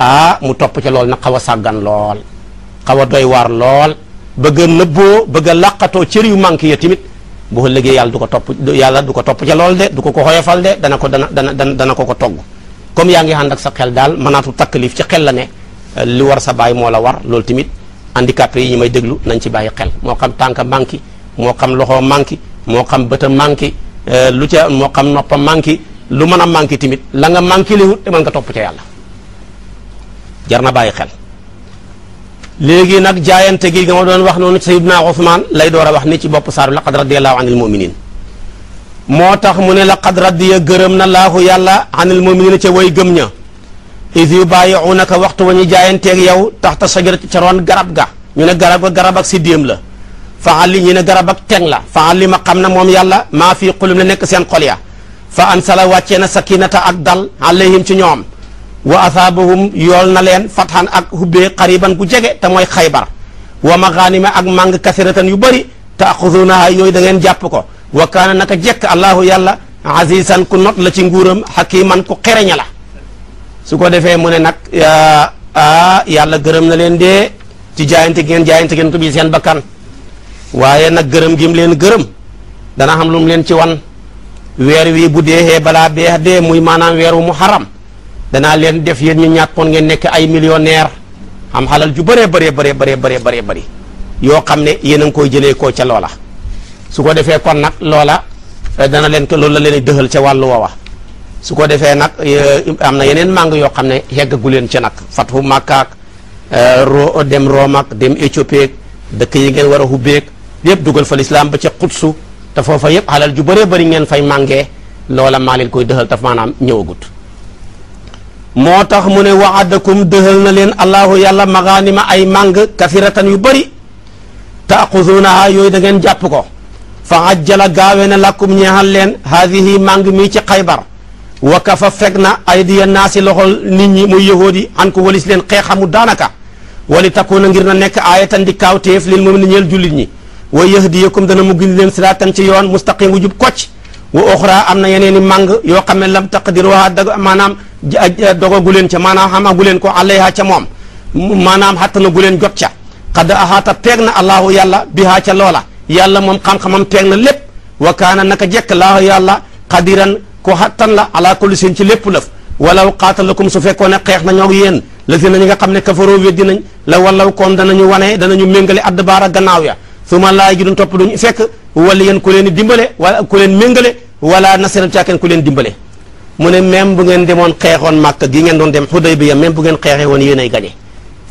ah mu topp ca lool nag xaw a sàggan lool xaw a doy waar lool bëgg a nëbboo bëgg a làqatoo cër yu manqué ya tamit boo liggéey yàlla du ko topp yàlla du ko topp ca lool de du ko ko xoyofal de dana ko dana dana dana ko ko togg comme yaa ngi ànd ak sa xel daal mënaatu taklif ci xel la ne euh, li war sa baay moo la war loolu tamit handicapé yi ñu may déglu nañ ci bàyyi xel moo xam tànk manqué moo xam loxo manqué moo xam bët a manqué euh, lu ca moo xam noppa manqué lu mën a manqué tamit la nga manqué liwut topp ca yàlla jar na bàyyi xel léegi nag jaayante gi nga doon wax noonu sayidna Usmaan lay door a wax ni ci bopp saar bi laqad radiyallahu anil muminin moo tax mu ne laqad radiya gërëm na laahu yàlla anil muminin ca way gëm ña is yu bàyyi'unaka waxtu wa ñu jaayanteeg yow taxta sajarati ca roon garab ga ñu ne garab ga garab ak siddéem la faal li ñu ne garab ak teng la fa li ma xam na moom yàlla maa fii qulum nekk seen xol ya fa ansala wàccee na sakinata ak dal alayhim ci ñoom wa asaabahum yool na leen fatxan ak hubbee xariban gu jege te mooy xaybar wa maxaanima ak màng kasiratan yu bëri taaxudunaha yooyu da ngeen jàpp ko wa kaana naka jekk allahu yàlla azizan ku not la ci nguuram xakiman ku xereña la su ko defee mu ne nag a yàlla gërëm na leen dee ci jaayante gi ngeen jaayante ngeen tubi seen bakkan waaye nag gërëm gim leen gërëm dana xam lu leen ci wan weer wi bu deexee balaa beex dee muy maanaam weeru muharram danaa leen def yéen ñu ñàkkoon ngeen nekk ay millionnaire am xalal ju bëree bëree bëree bëree bëree bëree bëri yoo xam ne yéen a ngi koy jëlee koo ca loola su ko defee kon nag loola eh, dana leen ko loolu la leen dëxal ca wàllu woowa su ko defee nag eh, am na yeneen màng yoo xam ne yeggagu leen ca nag fathu Makka ak eh, dem Rome ak dem Éthiopie dëkk yi ngeen war a hubbeeg yëpp dugal fa lislaam ba ca Xudsu te foofa yëpp xalal ju bëree bëri ngeen fay màngee loola maa leen koy dëxal taf maanaam ñëwagut moo tax mu ne waadakum dëhal na leen allahu yàlla ma ay màng kafiratan yu bëri taaxuduunaha yooyu da ngeen jàpp ko fa ajjala gaawe na lakkum ñeexal leen haadihi màng mii ci xaybar wa kafa fekk na aydiya naasi loxol nit ñi muy yahood yi an ko walis leen xeexamu daanaka wali takuuna ngir na nekk aayatan di kaawteef lil moom ne ñeel jullit ñi wa yahdiyakum dana mu gindi leen siraatan ci yoon mustaqim wu jub kocc wa oxra am na yeneeni màng yoo xam ne lam taqdiruha Eh, dogagu leen ca maanaam xamagu leen ko alayha ca moom maanaam xattanagu leen jot ca xad axaata peeg na allaahu yàlla bihaa ca loola yàlla moom xam-xamam peeg na lépp wa kaana naka jekk laahu yàlla xadiran ko xattan la ala kulli seen ci lépp lëf walaw qaatalakum su fekkoon ne xeex na ñoog yéen lazina ñi nga xam ne kafaroo weddi nañ la wallaw koom ñu wane danañu méngale baara gannaaw ya suma laay ji duñ topp ñu fekk wala yéen ku leen dimbale wala ku leen méngale wala nasiran caaken ku leen dimbale mu ne même bu ngeen demoon xeexoon Makka gi ngeen doon dem Xudaybiya même bu ngeen xeexee woon yéen ay gañe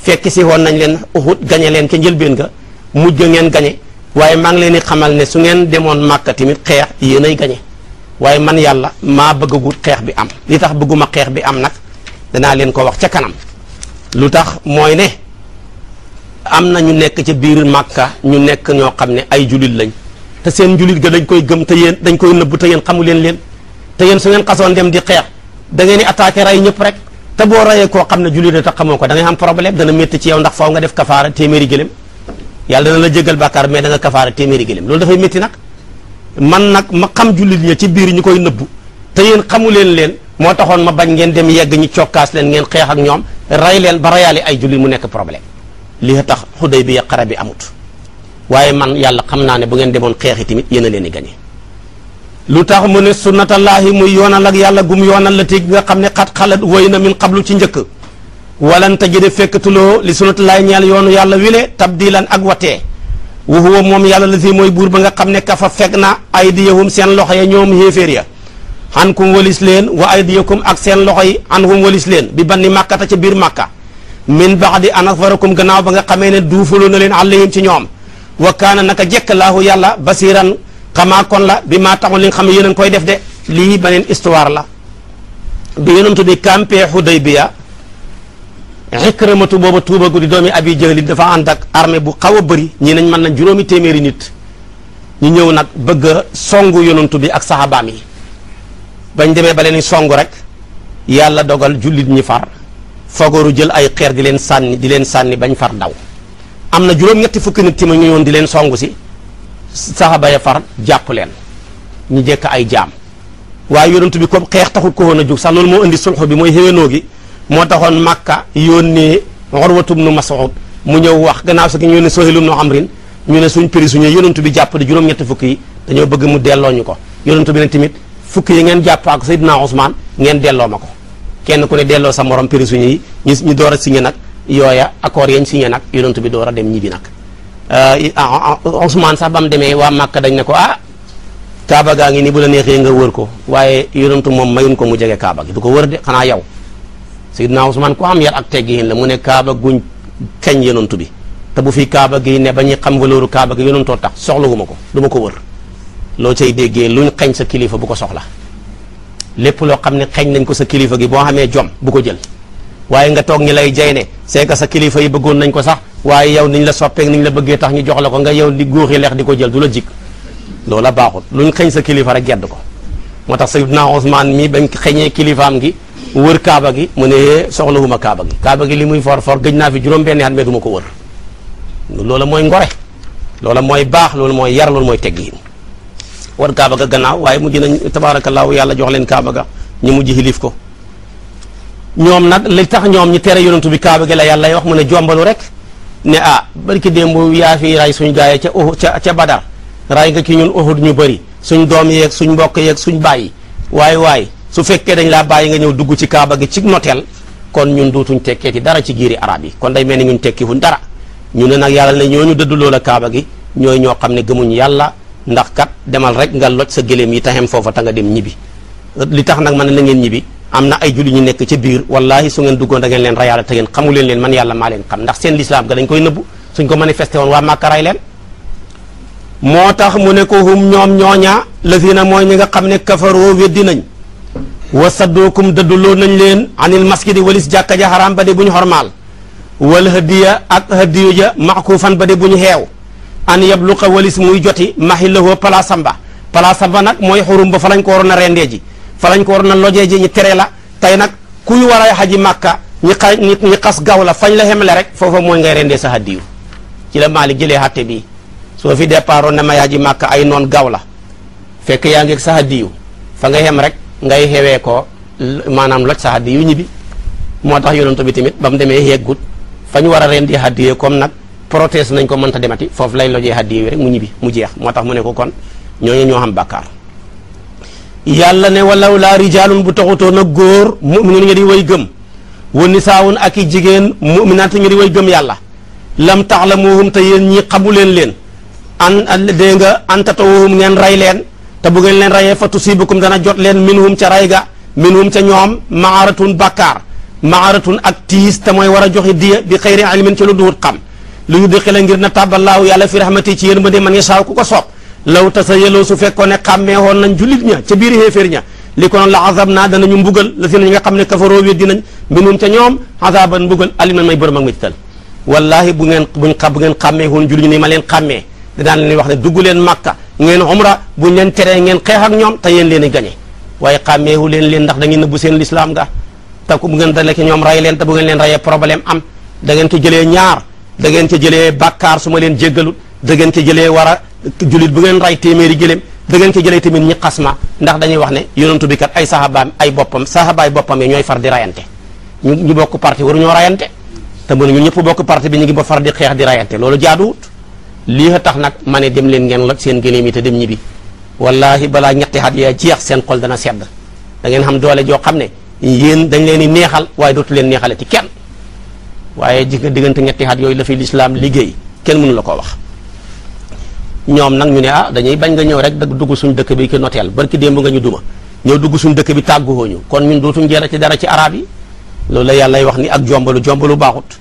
fekk si woon nañ leen Uhud gañe leen ca njëlbeen ga mujj ngeen gañe waaye maa ngi leen di xamal ne su ngeen demoon Makka tamit xeex yéen gañe waaye man yàlla maa bëggagut xeex bi am li tax bëgguma xeex bi am nag danaa leen ko wax ca kanam lu tax mooy ne am na ñu nekk ca biir Makka ñu nekk ñoo xam ne ay julit lañ te seen julit ga dañ koy gëm te yéen dañ koy nëbb te yéen xamu leen leen te yéen su ngeen xasoon dem di xeex da ngeen di attaqué ray ñëpp rek te boo rayee koo xam ne jullit ta xamoo ko da am problème dana métti ci yow ndax faw nga def kafaara téeméeri gëlëm yàlla dana la jégal bàkkaar mais da nga kafaara téeméeri gëlëm loolu dafay métti nag man nag ma xam jullit ñi ci biir ñu koy nëbbu te yéen xamu leen leen moo taxoon ma bañ ngeen dem yegg ñi cokkaas leen ngeen xeex ak ñoom ray leen ba rayaale ay jullit mu nekk problème li tax xuday bi xare bi amut waaye man yàlla xam naa ne bu ngeen demoon xeexi tamit yéen leen di gagné lu tax mu ne sunnatallaahi muy yoonal ak yàlla gum yoonal la tey nga xam ne xat xalat woy na min xablu ci njëkk walan tajida fekkatuloo li sunnatallaahi ñeel yoonu yàlla wile tabdilan ak watee wa huwa moom yàlla la si mooy buur ba nga xam ne kafa fekk na aydiyahum seen loxo ya ñoom xéeféer ya xankum walis leen wa aydiyakum ak seen loxo yi anhum walis leen bi banni màkkata ca biir màkka min baxdi an asfarakum gannaaw ba nga xamee ne duufaloo na leen àllayhim ci ñoom wa kaana naka jekk laahu yàlla basiran xamaa kon la bi maa taxoon li nga xam ne yéen koy def de lii beneen histoire la bi yonentu di bi Hudaybiya Ikramatu boobu tuubagu di doomi Abi jël dafa ànd ak armée bu xaw a bëri ñii nañ mën nañ juróomi téeméeri nit ñu ñëw nag bëgg a songu yonentu bi ak saxaabaam yi bañ demee ba leen songu rek yàlla dogal jullit ñi far fogoru jël ay xeer di leen sànni di leen sànni bañ far daw am na juróom-ñetti fukki nit ci ma ñëwoon di leen songu si saxaba ya far jàpp leen ñu jekk ay jaam waaye yonent bi comme xeex taxul ko woon a jóg sax loolu moo indi sulxu bi mooy xéwénoo gi moo taxoon Makka yónnee ma bnu Mas'ud mu ñëw wax gannaaw sax gi ñu ne noo bnu Amrin ñu ne suñ prisonnier yonent bi jàpp di juróom-ñetti fukki yi dañoo bëgg mu delloo ñu ko yonent bi ne tamit fukki yi ngeen jàpp ak Seydina Ousmane ngeen delloo ma ko kenn ku ne delloo sa morom prisonnier su ñu ñu door a signé nag yooya accord yañ signé nag bi door a dem ñibbi nag Euh, ah, ah, ah, Ousmane sax ba mu demee waa Màkka dañ ne ko ah Kaaba gaa ngi nii bu la neexee nga wër ko waaye yonentu moom mayun ko mu jege Kaaba gi du ko wër de xanaa yow Seydina Ousmane ku am yar ak teggiin la mu ne Kaaba guñ kañ yonentu bi te bu fi Kaaba gi ne ba ñuy xam valeur Kaaba gi yonentoo tax soxlawuma ko du ma ko wër loo cay déggee luñ xañ sa kilifa bu ko soxla lépp loo xam ne xeñ nañ ko sa kilifa gi boo xamee jom bu ko jël waaye nga toog ñi lay jay ne c'est que sa kilifa yi bëggoon nañ ko sax waaye yow niñ la soppeek niñ la bëggee tax ñu jox la ko nga yow di góoxi lex di ko jël du la jik loola baaxul luñ xëñ sa kilifa rek gedd ko moo tax Sayyidna Usmaan mi bañ xëñee kilifaam gi wër kaaba gi mu ne soxla eh, soxlawuma kaaba gi kaaba gi li muy for for gëj naa fi juróom-benni at meetuma ko wër loola mooy ngore loola mooy baax loolu mooy yar loolu mooy teggiin war kaaba ga gannaaw waaye mujj nañ tabaarakallaahu yàlla jox leen kaaba ga ñu mujj xilif ko nag li tax ñoom ñu tere yonantu bi kaaba gi la yàlla wax mu ne jombalu rek ne ah barki démb yaa fi ray suñ gaay ca Uhud ca ca Badar ray nga ci ñun Uhud ñu bëri suñ doom yeeg suñ mbokk yeeg suñ bàyyi waay waay su fekkee dañ laa bàyyi nga ñëw dugg ci kaaba gi cig noteel kon ñun dootuñ tekkeeti dara ci giiri araab yi kon day mel ni ñun tekkiwuñ dara ñu ne nag yàlla ne ñooñu dëdd loola kaaba gi ñooy ñoo xam ne gëmuñ yàlla ndax kat demal rek nga loj sa gëléem yi taxem foofa ta nga dem ñibbi li tax nag man na ngeen ñibbi am na ay julli ñu nekk ca biir wallahi su ngeen duggoon da ngeen leen rayaale te ngeen xamu leen leen man yàlla maa leen xam ndax seen lislaam ga dañ koy nëbbu suñ ko manifesté woon waa Màkka ray moo tax mu ne ko hum ñoom ñooña lazina mooy ñi nga xam ne kafaroo weddi nañ wa saddookum dëdduloo nañ leen anil masjidi walis jàkka ja xaraam ba de bu ñu xormaal wal hadiya ak hadiyu ja maxkuufan ba de bu ñu xeew an yabluqa walis muy joti maxillahoo palaasam ba palaasam ba nag mooy xurum ba fa ko waroon a rendee ji fa lañ ko war na lojee ji ñu tere la tey nag kuy war a xaji màkka ñi xa ñi xas gaw la fañ la xemle rek foofa mooy ngay rendee sa hadiyu ci la Maalik jëlee xatte bi soo fi départoon ne may xaji màkka ay noon gaw la fekk yaa ngi sa hadiyu fa nga xem rek ngay xewee ko maanaam loj sa hadiyu ñibbi moo tax yonent bi tamit ba mu demee yeggut fa ñu war a rendee hadiyee comme nag protest nañ ko mënta demati foofu lay lojee hadiyu rek mu ñibbi mu jeex moo tax mu ne ko kon ñooñu ñoo xam bàkkaar yàlla ne walaw laa rijaalun bu taxutoon ak góor muminuun nga di way gëm wa nisaawun ak i jigéen muminaat nga di way gëm yàlla lam taxlamuhum te yéen ñii xamu leen leen an dégg nga an tatawuhum ngeen rey leen te bu leen reyee fa tusibukum dana jot leen minhum ca rey min minhum ca ñoom maaratun bakkaar maaratun ak tiis te mooy war a joxe diya bi xayri ilmin ci lu duwut xam lu yu dëqi la ngir na tàbballaahu yàlla fi rahmati ci yen ba de man yasaaw ku ko soob law tasa yeloo su fekkoon ne xàmmee woon nañ jullit ña ca biir xéeféer ña li konoon la azab naa danañu mbugal la si nañ nga xam ne kafaroo weddi nañ minum ca ñoom azaban mbugal aliman may borom ak méttital wallahi bu ngeen buñ xa bu ngeen xàmmee woon jullit ñi ma leen xàmmee dinaan leen wax ne dugg leen màkka ngeen umra buñ leen teree ngeen xeex ak ñoom te yéen leen i gañe waaye xàmmeewu leen leen ndax da ngeen nëbbu seen lislaam ga te bu ngeen dalee ki ñoom ray leen te bu ngeen leen rayee da ngeen jëlee ñaar da ngeen ko jëlee bàkkaar su ma leen jéggalul da ngeen ko jëlee war jullit bu ngeen ray téeméeri gëléem da ngeen ci jëlee tamit ñi xas ma ndax dañuy wax ne yonantu bi kat ay sahabaam ay boppam sahabaay boppam yi ñooy far di rayante ñu ñu bokk parti waru ñoo rayante te mën ñun ñëpp bokk parti bi ñu ngi ba far di xeex di rayante loolu jaaduwut lii a tax nag ma ne dem leen ngeen loj seen gëléem yi te dem ñibbi wallahi balaa ñetti at yaa jeex seen xol dana sedd da ngeen xam doole joo xam ne yéen dañ leen di neexal waaye dootu leen neexale ci kenn waaye ji diggante ñetti at yooyu la fi lislaam liggéey kenn mënu la koo wax ñoom nag ñu ne ah dañuy bañ nga ñëw rek dugg suñ dëkk bi ki noteel barki démb nga ñu duma ñëw dugg suñ dëkk bi tàgguwoo ñu kon ñun dootuñ jëra ci dara ci arab yi loolu la yàllay wax ni ak jombalu jombalu baaxut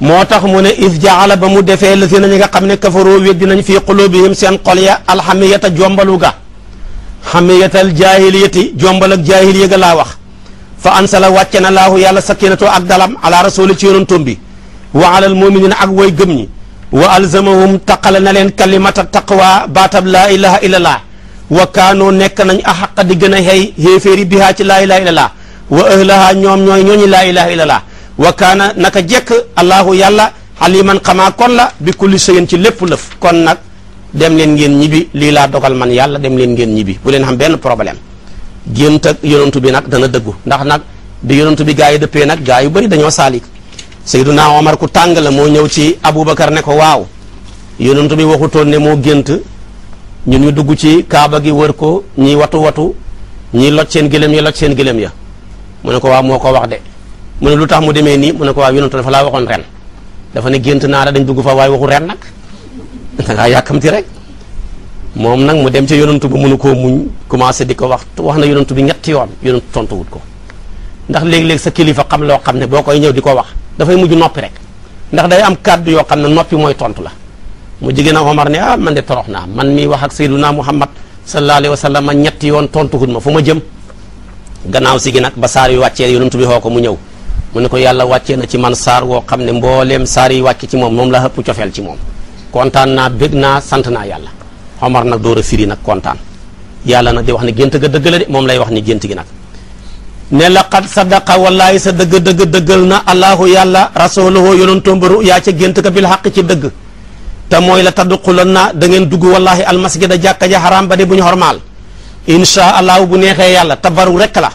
moo tax mu ne is jaala ba mu defee la si na ñi nga xam ne kafaroo weddi nañ fii qulubihim seen xol ya alxamiyata jombalu ga xamiyatal jaahiliyati jombal ak jaahiliya ga laa wax fa ansala wàcce na laahu yàlla sakinatoo ak dalam ala rasuli ci yonantom bi wa alal muminina ak way gëm ñi wa alzamahum taqale na leen kalimata taqwa baatab laa ilaha illallah wa kaanoo nekk nañ axaqa di gën a xëy xéeféeri bihaa ci laa ilaha illallah wa ahlaha ñoom ñooy ñooñu laa ilaha illallah wa kaana naka jekk allahu yàlla xaliman xamaa kon la bi kulli shay'in ci lépp lëf kon nag dem leen ngeen ñibbi lii laa dogal man yàlla dem leen ngeen ñibbi bu leen xam benn problème gént ak yonantu bi nag dana dëggu ndax nag di yonantu bi gaa yi dëppee nag gaa yu bëri dañoo saalik Seyduna Omar ku tàng la moo ñëw ci Aboubacar ne ko waaw yonent bi waxutoon ne moo gént ñun ñu dugg ci kaaba gi wër ko ñiy watu watu ñiy loj seen gëlëm ya loj seen gëlëm ya mu ne ko waaw moo ko wax de mu ne lu tax mu demee nii mu ne ko waaw yonent dafa laa waxoon ren dafa ne gént naa la dañ dugg fa waaye waxu ren nag da yàkkamti rek moom nag mu dem ca yonent bu mënu koo muñ commencé di ko wax wax na yonent bi ñetti yoon yonent tontuwut ko ndax léeg sa kilifa xam loo xam ne boo koy ñëw di ko wax dafay mujj noppi rek ndax day am kàddu yoo xam ne noppi mooy tontu la mu jigéen a Omar ne ah man de torox na man mi wax ak Sayyiduna Muhammad sallallahu alayhi wa sallam ñetti yoon tontu hut ma fu ma jëm gannaaw si gi nag ba saar yu wàccee yonent bi xoo ko mu ñëw mu ne ko yàlla wàccee na ci man saar woo xam ne mbooleem saar yi wàcc ci moom moom la hëpp cofeel ci moom kontaan naa bég naa sant naa yàlla Omar nag door a firi nag kontaan yàlla nag di wax ne gént ga dëgg moom lay wax ni gént gi ne laqad sadaqa wallaahi sa dëgg dëgg dëggal na allahu yàlla rasulahu yonantoom ba ruyaa ca gént ka bil xaq ci dëgg te mooy la tadduquloon na da ngeen dugg wallaahi almasjida jàkka ja xaraam ba de bu ñu xormaal insha allahu bu neexee yàlla tabaru rek la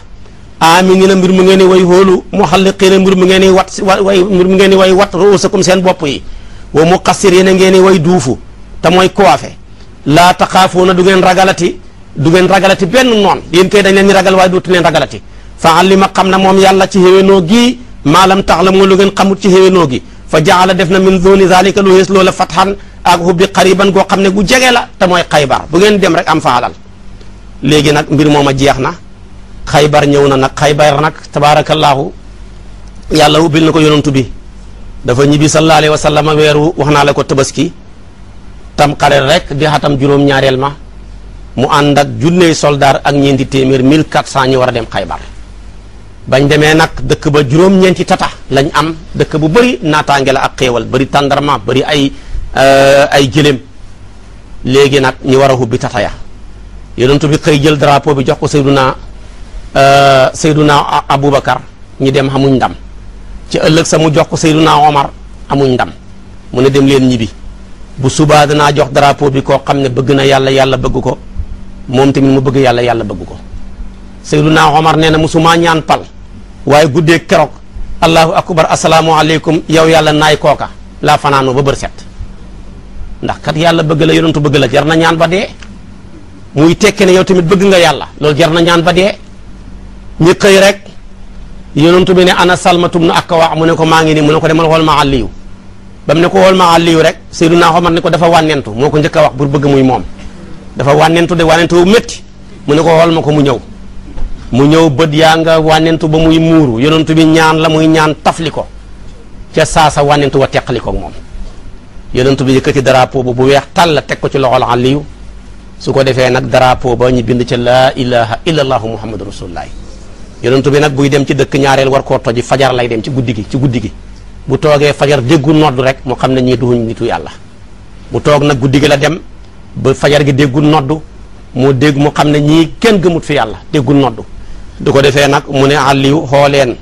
amin na mbir mu ngeen di way hóolu mu xalliqiina mbir mu ngeen di wat way mbir mu ngeen di way wat ruusakum seen bopp yi wa muqassiriina ngeen di way duufu te mooy coiffé laa taxaafuuna du ngeen ragalati du ngeen ragalati benn noon yéen kay dañ leen ragal waaye dootu leen ragalati fa ma xam na moom yàlla ci xéwénoo gi maalam taxlamu lu ngeen xamut ci xéwénoo gi fa jaala def na min zoni zalika lu xees loola fatxan ak hubbi xariban goo xam ne gu jege la te mooy xaybar bu ngeen dem rek am fa alal léegi nag mbir moom a jeex na xaybar ñëw na nag xaybar nag tabaarakallaahu yàlla ubbil na ko yonantu bi dafa ñibbi sallallahu alayhi wa sallam weeru wax naa la ko tabaski tam xare rek di xatam juróom-ñaareel ma mu ànd ak junney soldaar ak ñeenti téeméer 1400 ñu war a dem xaybar bañ demee nag dëkk ba juróom-ñeenti tata lañ am dëkk bu bari naataange la ak xéewal bëri tàndarma bëri ay euh, ay jëléem léegi nag ñu war a hubbi tata ya yonentu bi xëy jël drapo bi jox ko sayduna euh, sayduna aboubacar ñi dem amuñ ndam ci ëllëg sa mu jox ko sayduna omar amuñ ndam mu ne dem leen ñibi bu subaa danaa jox drapeau bi koo xam ne bëgg na yàlla yàlla bëgg ko moom tamit mu bëgg yàlla yàlla bëgg ko Seydunaa Omar nee na musumaa ñaan pal waaye guddee keroog allahu akbar asalaamualeykum yow yàlla naay kooka laa fanaanoo ba bër set ndax kat yàlla bëgg la yonantu bëgg la jar na ñaan ba dee muy tekke ne yow tamit bëgg nga yàlla loolu jar na ñaan ba dee ñu xëy rek yonantu bi ne ana salmatum na akka wax mu ne ko maa ngi nii mu ne ko demal xool ma àlliyu ba mu ne ko xool rek àlliyu rek Seydunaa Omar ne ko dafa wànnentu moo ko njëkk wax pour bëgg muy moom dafa wànnentu de wànnentu mu ne ko xool ma ko mu ñëw mu ñëw bët yaa nga wànnentu ba muy muuru yonentu bi ñaan la muy ñaan taf li ko ca saa sa wànnentu wa teqali ko moom yonentu bi yëkkati drapeau bu weex tàll teg ko ci loxol Aliyu su ko defee nag drapeau ba ñu bind ca laa ilaha illa allahu muhammadu rasulullah yonentu bi nag buy dem ci dëkk ñaareel war koo toji fajar lay dem ci guddi gi ci guddi gi bu toogee fajar déggu nodd rek mu xam na ñii duñu nitu yàlla bu toog nag guddi gi la dem ba fajar gi déggu nodd moo dégg mu xam ne ñii kenn gëmut fi yàlla déggu nodd du ko defee nag mu ne àlliw xooleen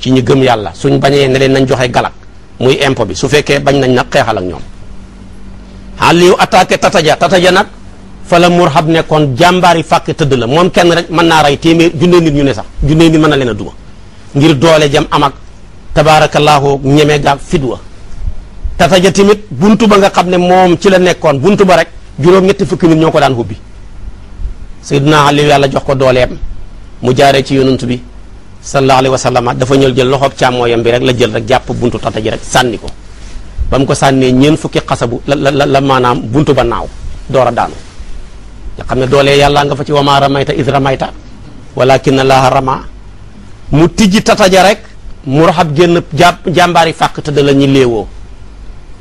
ci ñu gëm yàlla suñ bañee ne leen nañ joxe galak muy impôt bi su fekkee bañ nañ nag xeexal ak ñoom àlliw attaqué tataja tataja nag fa la murhab nekkoon yi fàkk tëdd la moom kenn rek mën naa rey téeméer junne nit ñu ne sax junne nit mën na leen a duma ngir doole jam am ak tabaarakallaahu ñeme gaag fidwa tataja tamit bunt ba nga xam ne moom ci la nekkoon bunt ba rek juróom ñetti fukki nit ñoo ko daan hubbi sayyidina Aliyu yàlla jox ko dooleem mu jaaree ci yonent bi sallallahu alayhi wa sallam dafa ñëw jël loxoob càmmooyam bi rek la jël rek jàpp buntu tata ji rek sànni ko ba mu ko sànnee ñeent fukki xasabu la la la maanaam buntu ba naaw door a daanu nga xam ne doolee yàllaa nga fa ci wama ramayta id ramayta walakin laaha rama mu tijji tata rek mu raxab génn jàmbaari fàq tëdd la ñi léewoo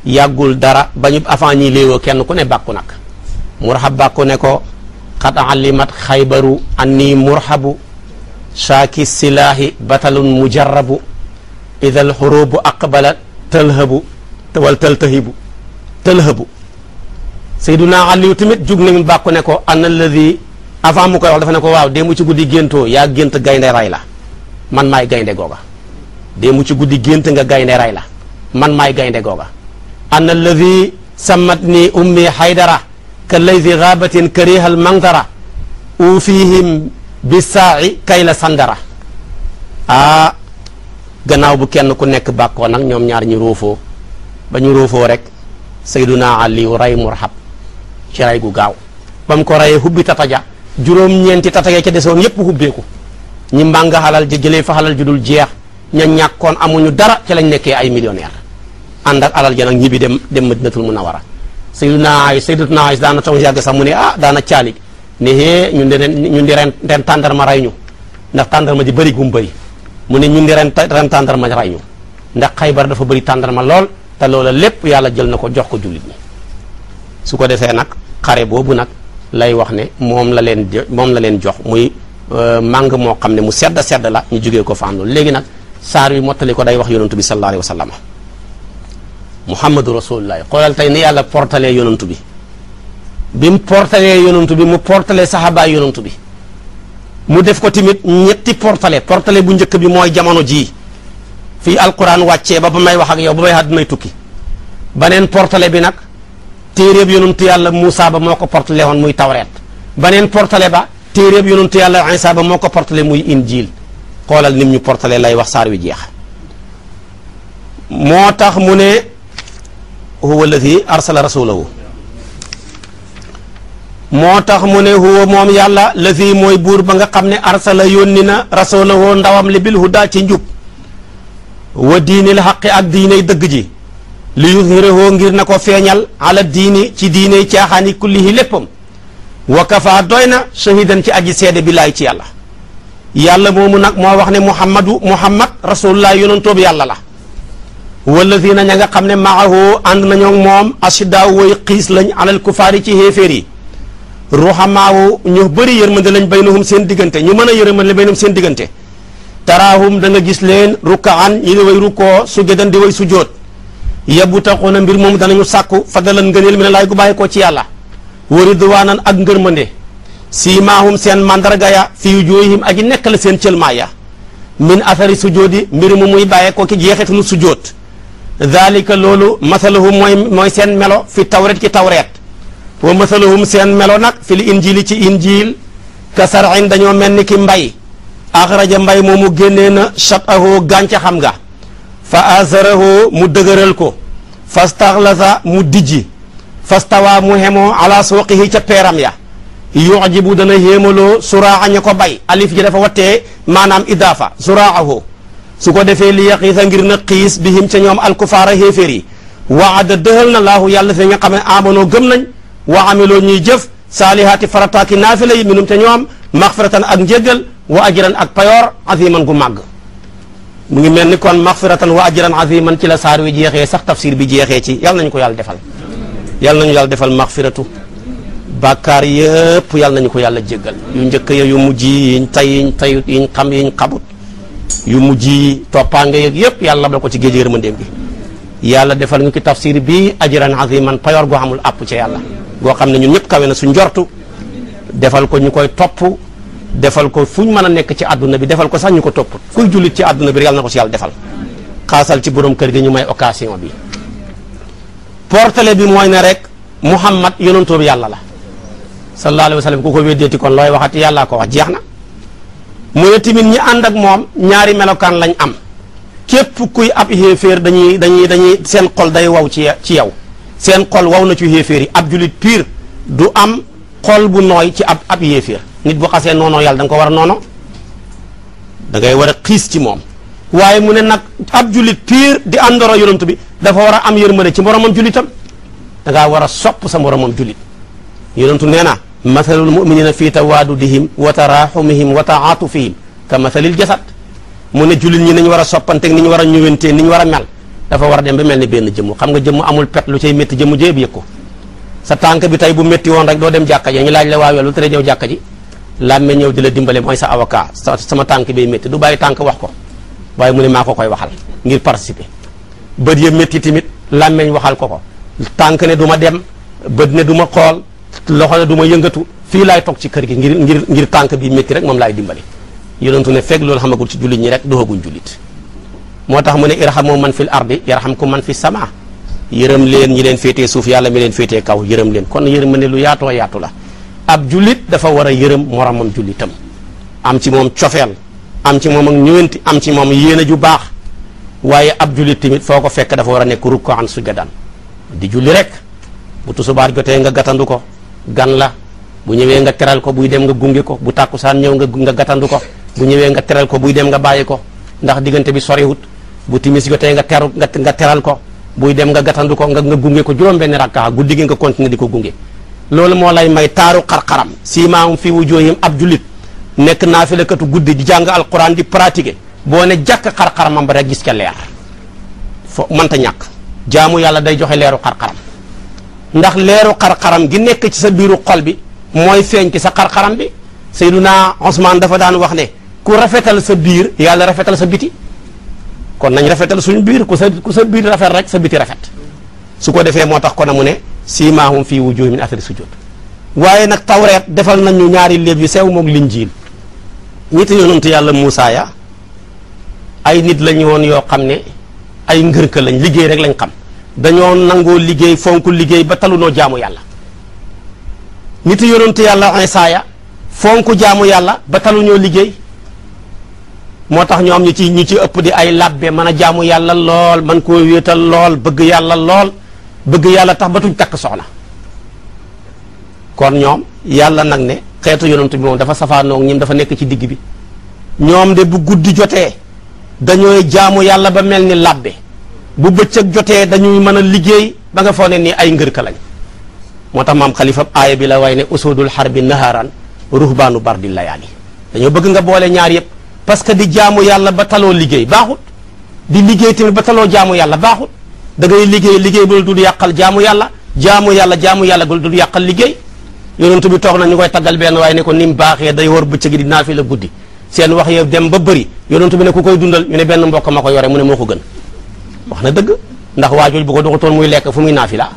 yàggul dara ba ñu avant ñi léewoo kenn ku ne bàkku nag mu raxab bàkku ne ko xat alimat xaybaru anni murhabu shaaki silaahi batalun mujarrabu ida alxurubu aqbala tëlhabu wal tëltahibu tëlhabu sayduna aliyu tamit jug nañu bàkku ne ko an alladi avant mu koy wax dafa ko waaw déemu ci guddi géntoo yaa gént gaynde ray la man maay gaynde googa déemu ci guddi gént nga gaynde ray la man maay gaynde googa an alladi sammat ni ummi haydara ka laydi gaabatin kariha almandara uufihim bi saa'i kay la sandara aa gannaaw bu kenn ku nekk bàkkoo nag ñoom ñaar ñu roofoo ba ñu roofoo rek sayduna aliyu ray murhab ci ray gu gaaw ba mu ko rayee hubbi tataja juróom-ñeenti tataja ca desoon yépp hubbeeku ñi mbàng xalal ja jëlee fa xalal ju dul jeex ña ñàkkoon amuñu dara ci lañ nekkee ay millionnaire ànd ak alal ja nag ñibbi dem dem madinatul munawara sayduna ay saydatuna ay daana toog yàgg sax mu ne a ah, daana caali ne hee ñun de ñun di ren ren tàndarma rey ñu ndax tàndarma ji bëri gum bëri mu ne ñun di ren ren tàndarma rey ñu ndax xaybar dafa bëri tàndarma lool te loola lépp yàlla jël na ko jox ko jullit ñi su ko defee nag xare boobu nag lay wax ne moom la leen moom la leen jox muy euh, màng moo xam ne mu sedd sedd la ñu jugee ko faam loolu léegi nag saar wi mottali ko day wax yonantu bi sallallahu alayhi wa sallam muhammadu rasulullah xoolal tey ni yàlla portalee yonantu bi bi mu portalee yonantu bi mu portalee saxaabaay yonantu bi mu def ko tamit ñetti portale portale bu njëkk bi mooy jamono jii fii alquran wàccee ba ba may wax ak yow ba may àddunay tukki baneen portale bi nag téeréeb yonantu yàlla Muusa ba moo ko portale woon muy tawreet baneen portale ba téeréeb yonantu yàlla Isa ba moo ko portale muy injiil xoolal nim ñu portale lay wax saar wi jeex moo tax mu ne huwa alladi arsala rasulahu moo tax mu ne huwa moom yàlla la mooy buur ba nga xam ne arsala yónni na rasulahu ndawam li bil huda ci njub wa diinil xaqi ak diiney dëgg ji li yuzhirahu ngir na ko feeñal ala diini ci diiney caaxaani kullihi léppam wa kafa doy na shahidan ci aji seede bi ci yàlla yàlla moomu nag moo wax ne muhammadu muhammad rasulullah yonantoob yàlla la na ña nga xam ne maahu ànd nañoo moom asidaa woy xiis lañ alal kufaari ci xéeféer yi ruhamaawu ñu bëri yërmande lañ baynahum seen diggante ñu mën a yërmande baynahum seen diggante taraahum da nga gis leen rukkaan ñi di way rukkoo sujudan di way sujoot yabtaxuuna mbir moom danañu sàkku fadalan ngëneel mi ne laay gu bàyyi ci yàlla wa ridwaanan ak ngërmande siimaahum seen mandarga ya fi wujuuhihim ak yi nekk seen cëlmaa ya min athari sujoodi mbir mu muy bàyyee koo ki jeexitunu sujoot daalika loolu masalahum mooy mooy seen melo fi tawreet ki tawreet wa masaluhum seen melo nag fil injili ci injil ka sar'in dañoo mel ni ki mbay axraja mbay moomu génnee na shatahu xam nga fa azarahu mu dëgëral ko fastaxlasa mu dijji fastawa mu hemoo ala suqihi ca peeram ya yujibu dana héemaloo suraa ña ko bay alif ji dafa wattee maanaam idaafa suraahu su ko defee li yaqiisa ngir na xiis bihim ca ñoom alkufaara xéeféer yi waada dëxal na laahu yàlla si nga xam ne amanoo gëm nañ wa amiloo ñuy jëf saalihaati farataaki naafila yi minum te ñoom maxfiratan ak njéggal wa ajran ak payoor aziman gu màgg mu ngi mel ni kon maxfiratan wa ajran aziman ci la saar wi jeexee sax tafsir bi jeexee ci yàlla nañu ko yàlla defal yàlla nañu yàlla defal maxfiratu bàkkaar yëpp yàlla nañu ko yàlla jéggal yu njëkk ya yu mujj yi yiñ tay yiñ xam yiñ xabut yu mujj yi toppaange yeeg yëpp yàlla labal ko ci ma yërmandeem gi yàlla defal ñu ki tafsir bi ajran aziman payoor goo amul app ci yàlla goo xam ne ñun ñëpp kawe na suñ jortu defal ko ñu koy topp defal ko fu ñu mën a nekk ci àdduna bi defal ko sax ñu ko topp kuy jullit ci àdduna bi rek yàlla na ko si yàlla defal xaasal ci borom kër gi ñu may occasion bi portale bi mooy ne rek Muhammad yonantoo bi yàlla la sallallahu alayhi wa sallam ku ko weddeeti kon looy waxati yàllaa ko jeex na mu ne tamit ñi ànd ak moom ñaari melokaan lañ am képp kuy ab xéeféer dañuy dañuy dañuy seen xol day waw ci ci yow seen xol waw na ci yéeféer yi ab julit piir du am xol bu nooy ci ab ab yéeféer nit bu xasee noonoo yàlla da nga ko war a noono da ngay war a xiis ci moom waaye mu ne nag ab julit pire di àndoro yonent bi dafa war a am yërmande ci moromam julitam da ngaa war a sopp sa moromam julit yonentu nee na mathalul muminina fi tawaadudihim wa taraxumihim wa taatufihim ka mathalil jasad mu ne julit ñi nañ war a soppante ni ñu war a ni ñu war a mel dafa war a dem ba mel ni benn jëmm xam nga jëmm amul pet lu cay métti jëmm jéeb yëg ko sa tànk bi tey bu métti woon rek doo dem jàkka ji ñu laaj la waawee lu tere ñëw jàkka ji làmme ñëw di la dimbale mooy sa avocat sa sama tànk bay métti du bàyyi tànk wax ko waaye mu ne maa ko koy waxal ngir participer bët ya métti tamit làmmeñ waxal ko ko tànk ne du ma dem bët ne du ma xool loxo ne du ma yëngatu fii laay toog ci kër gi ngir ngir ngir tànk bi métti rek moom laay dimbale yonentu ne fekk loolu xamagul ci jullit ñi rek doxaguñ jullit moo tax mu ne moom man fil ardi yarhamkum man fis samaa yërëm leen ñi leen féetee suuf yàlla mi leen féetee kaw yërëm leen kon yërëm ne lu yaatoo yaatu la ab jullit dafa war a yërëm moromam jullitam am ci moom cofeel am ci moom ak ñëwanti am ci moom yéene ju baax waaye ab jullit tamit foo ko fekk dafa war a nekk ko rukkaan sujjadan di julli rek bu tusubaar jotee nga gatandu ko gan la bu ñëwee nga teral ko buy dem nga gunge ko bu tàkkusaan ñëw nga nga gatandu ko bu ñëwee nga teral ko buy dem nga bàyyi ko ndax diggante bi soriwut bu timis jotee nga teru nga teral ko buy dem nga gatandu ko nga nga gunge ko juróom benn rakkaa guddi gi nga continuer di ko gunge loolu moo lay may taaru xar-xaram siimaam fi wujoohim ab jullit nekk naafilakatu guddi di jàng alquran di pratiquer boo ne jàkk xar-xaramam ba rek gis ca leer fo mënta ñàkk jaamu yàlla day joxe leeru xar-xaram ndax leeru xar-xaram gi nekk ci sa biiru xol bi mooy feeñ ci sa xar-xaram bi Seydunaa Usmaan dafa daan wax ne ku rafetal sa biir yàlla rafetal sa biti kon nañ rafetal suñu biir ku sa ku sa biir rafet rek sa biti rafet su ko defee moo tax kon amu ne siimaahum fii wujuuhi min athari sujuud waaye nag tawreet defal nañu ñaari léeb yu sew moog linjiil nit yonent yàlla Muusaa ya ay nit lañu woon yoo xam ne ay ngërka lañ liggéey rek lañ xam dañoo nangoo liggéey fonk liggéey ba talunoo jaamu yàlla nit yonent yàlla Iisaa ya fonk jaamu yàlla ba taluñoo liggéey moo tax ñoom ñu ci ñu ci ëpp di ay labbe mën a jaamu yàlla lool man koo wéetal lool bëgg yàlla lool bëgg yàlla tax ba tuñ takk soxna kon ñoom yàlla nag ne xeetu yonantu bi moom dafa safaanoog ñim dafa nekk ci digg bi ñoom de bu guddi jotee dañooy jaamu yàlla ba mel ni labbe bu bëccëg jotee dañuy mën a liggéey ba nga foo ne nii ay ngër ka lañ moo tax maam xalifa aaya bi la waaye ne usudul xarbi naharan ruhbaanu bardi layaali dañoo bëgg nga boole ñaar yëpp parce que di jaamu yàlla ba taloo liggéey baaxut di liggéey tamit ba taloo jaamu yàlla baaxut da ngay liggéey liggéey bu dul yàqal jaamu yàlla jaamu yàlla jaamu yàlla bu dul yàqal liggéey yonent bi toog na ñu koy taggal benn waaye ne ko ni mu baaxee day war bëccëg di guddi seen wax yow dem ba bëri yonent bi ne ku koy dundal ñu ne benn mbokk ma ko yore mu ne moo ko gën wax na dëgg ndax waajooj bu ko doxutoon muy lekk fu muy naafi la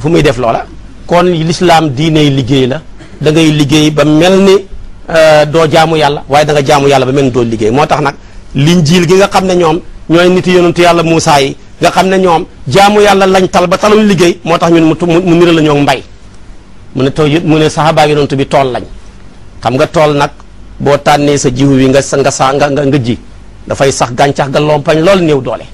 fu muy def loola kon lislaam diiney liggéey la da ngay liggéey ba mel ni Euh, doo jaamu yàlla waaye da nga jaamu yàlla ba mel ni doo liggéey moo tax nag linjiil gi nga xam ne ñoom ñooy nit yonentu yàlla Muusaa nga xam ne ñoom jaamu yàlla lañ tal ba taluñ liggéey moo tax ñun mu nira la ñoo mbay mu ne taw mu ne saxabaa yonentu bi tool lañ xam nga tool nag boo tànnee sa jiwu wi nga nga saa nga nga ji dafay sax gàncax ga lompañ lool néew doole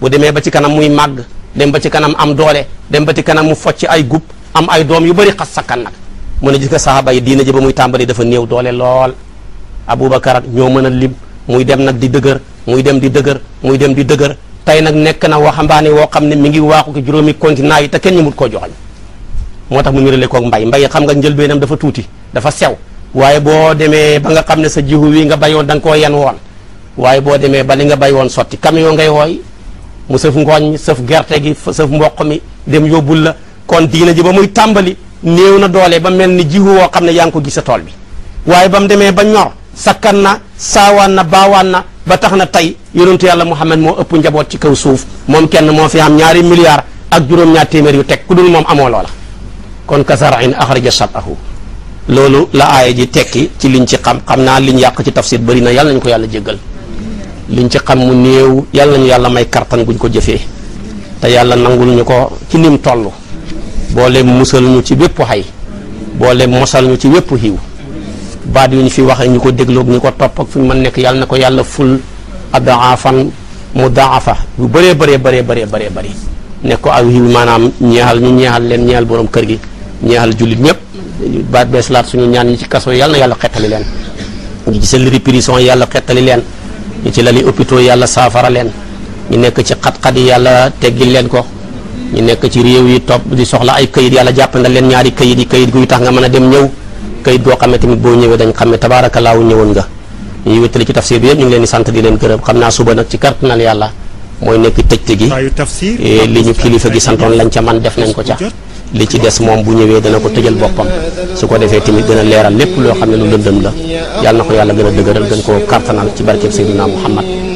bu demee ba ci kanam muy màgg dem ba ci kanam am doole dem ba ci kanam mu focc ay gub am ay doom yu bëri xas sakkan nag mu ne gis nga saxaaba yi diina ji ba muy tàmbali dafa néew doole lool aboubacar ak ñoo mën a lim muy dem nag di dëgër muy dem di dëgër muy dem di dëgër tey nag nekk na waxambaane woo xam ne mi ngi waaxu ki juróomi continent yi te kenn ñëmut koo joxañ moo tax mu nirale lekkook mbay mbay xam nga njëlbeenam dafa tuuti dafa sew waaye boo demee ba nga xam ne sa jiwu wi nga bayoon da nga koo yan woon waaye boo demee ba li nga bay woon sotti camion ngay wooy mu sëf ngooñ mi sëf gerte gi sëf mboq mi dem yóbbul la kon diina ji ba muy tàmbali néew na doole ba mel ni jiwu woo xam ne yaa ngi ko gis sa tool bi waaye ba mu demee ba ñor sakkan na saawaan na baawaan na ba tax na tey yonentu yàlla Muhammad moo ëpp njaboot ci kaw suuf moom kenn moo fi am ñaari milliards ak juróom-ñaar téeméer yu teg ku dul moom amoo loola kon kasarain axraja satahu loolu la aaya ji tekki ci liñ ci xam xam naa liñ yàq ci tafsir bëri na yàlla nañu ko yàlla jéggal liñ ci xam mu néew yàlla ñu yàlla may kartan guñ ko jëfee yàlla nangul ko ci nim toll boolem musal ñu ci bépp xay boolem mosal ñu ci wépp xiiw baat yu ñu fi waxee ñu ko dégloog ñu ko topp ak fi ñu mën nekk yàlla na ko yàlla ful adaafan mu daafa bu bëree baree baree baree baree bëri nekk ko aw xiiw maanaam ñeexal ñu ñeexal leen ñeexal boroom kër gi ñeexal jullit ñëpp baat bees laat suñu ñaan ñi ci kaso yàlla yàlla xettali leen ñi ci yàlla xettali leen ñi ci lali hôpitaux yàlla saafara leen ñu nekk ci xat-xat yi yàlla teggil leen ko ñu nekk ci réew yi topp di soxla ay kayit yàlla jàppandal leen ñaari kayit yi kayit guy tax nga mën a dem ñëw kayit goo xamee tamit boo ñëwee dañ xam ne tabaarakallaahu ñëwoon nga ñuy wéttali ci tafsir bi yëpp leen di sant di leen gërëm xam naa suba nag ci kartanal yàlla mooy nekk tëjte gi eh, li ñu kilifa gi santoon lañ ca man def nañ ko ca li ci des moom bu ñëwee dana ko tëjal boppam su ko defee tamit gën a leeral lépp loo xam ne lu lëndëm la yàlla na ko yàlla gën a dëgëral gën koo kartanal ci barkeb Seydina Muhammad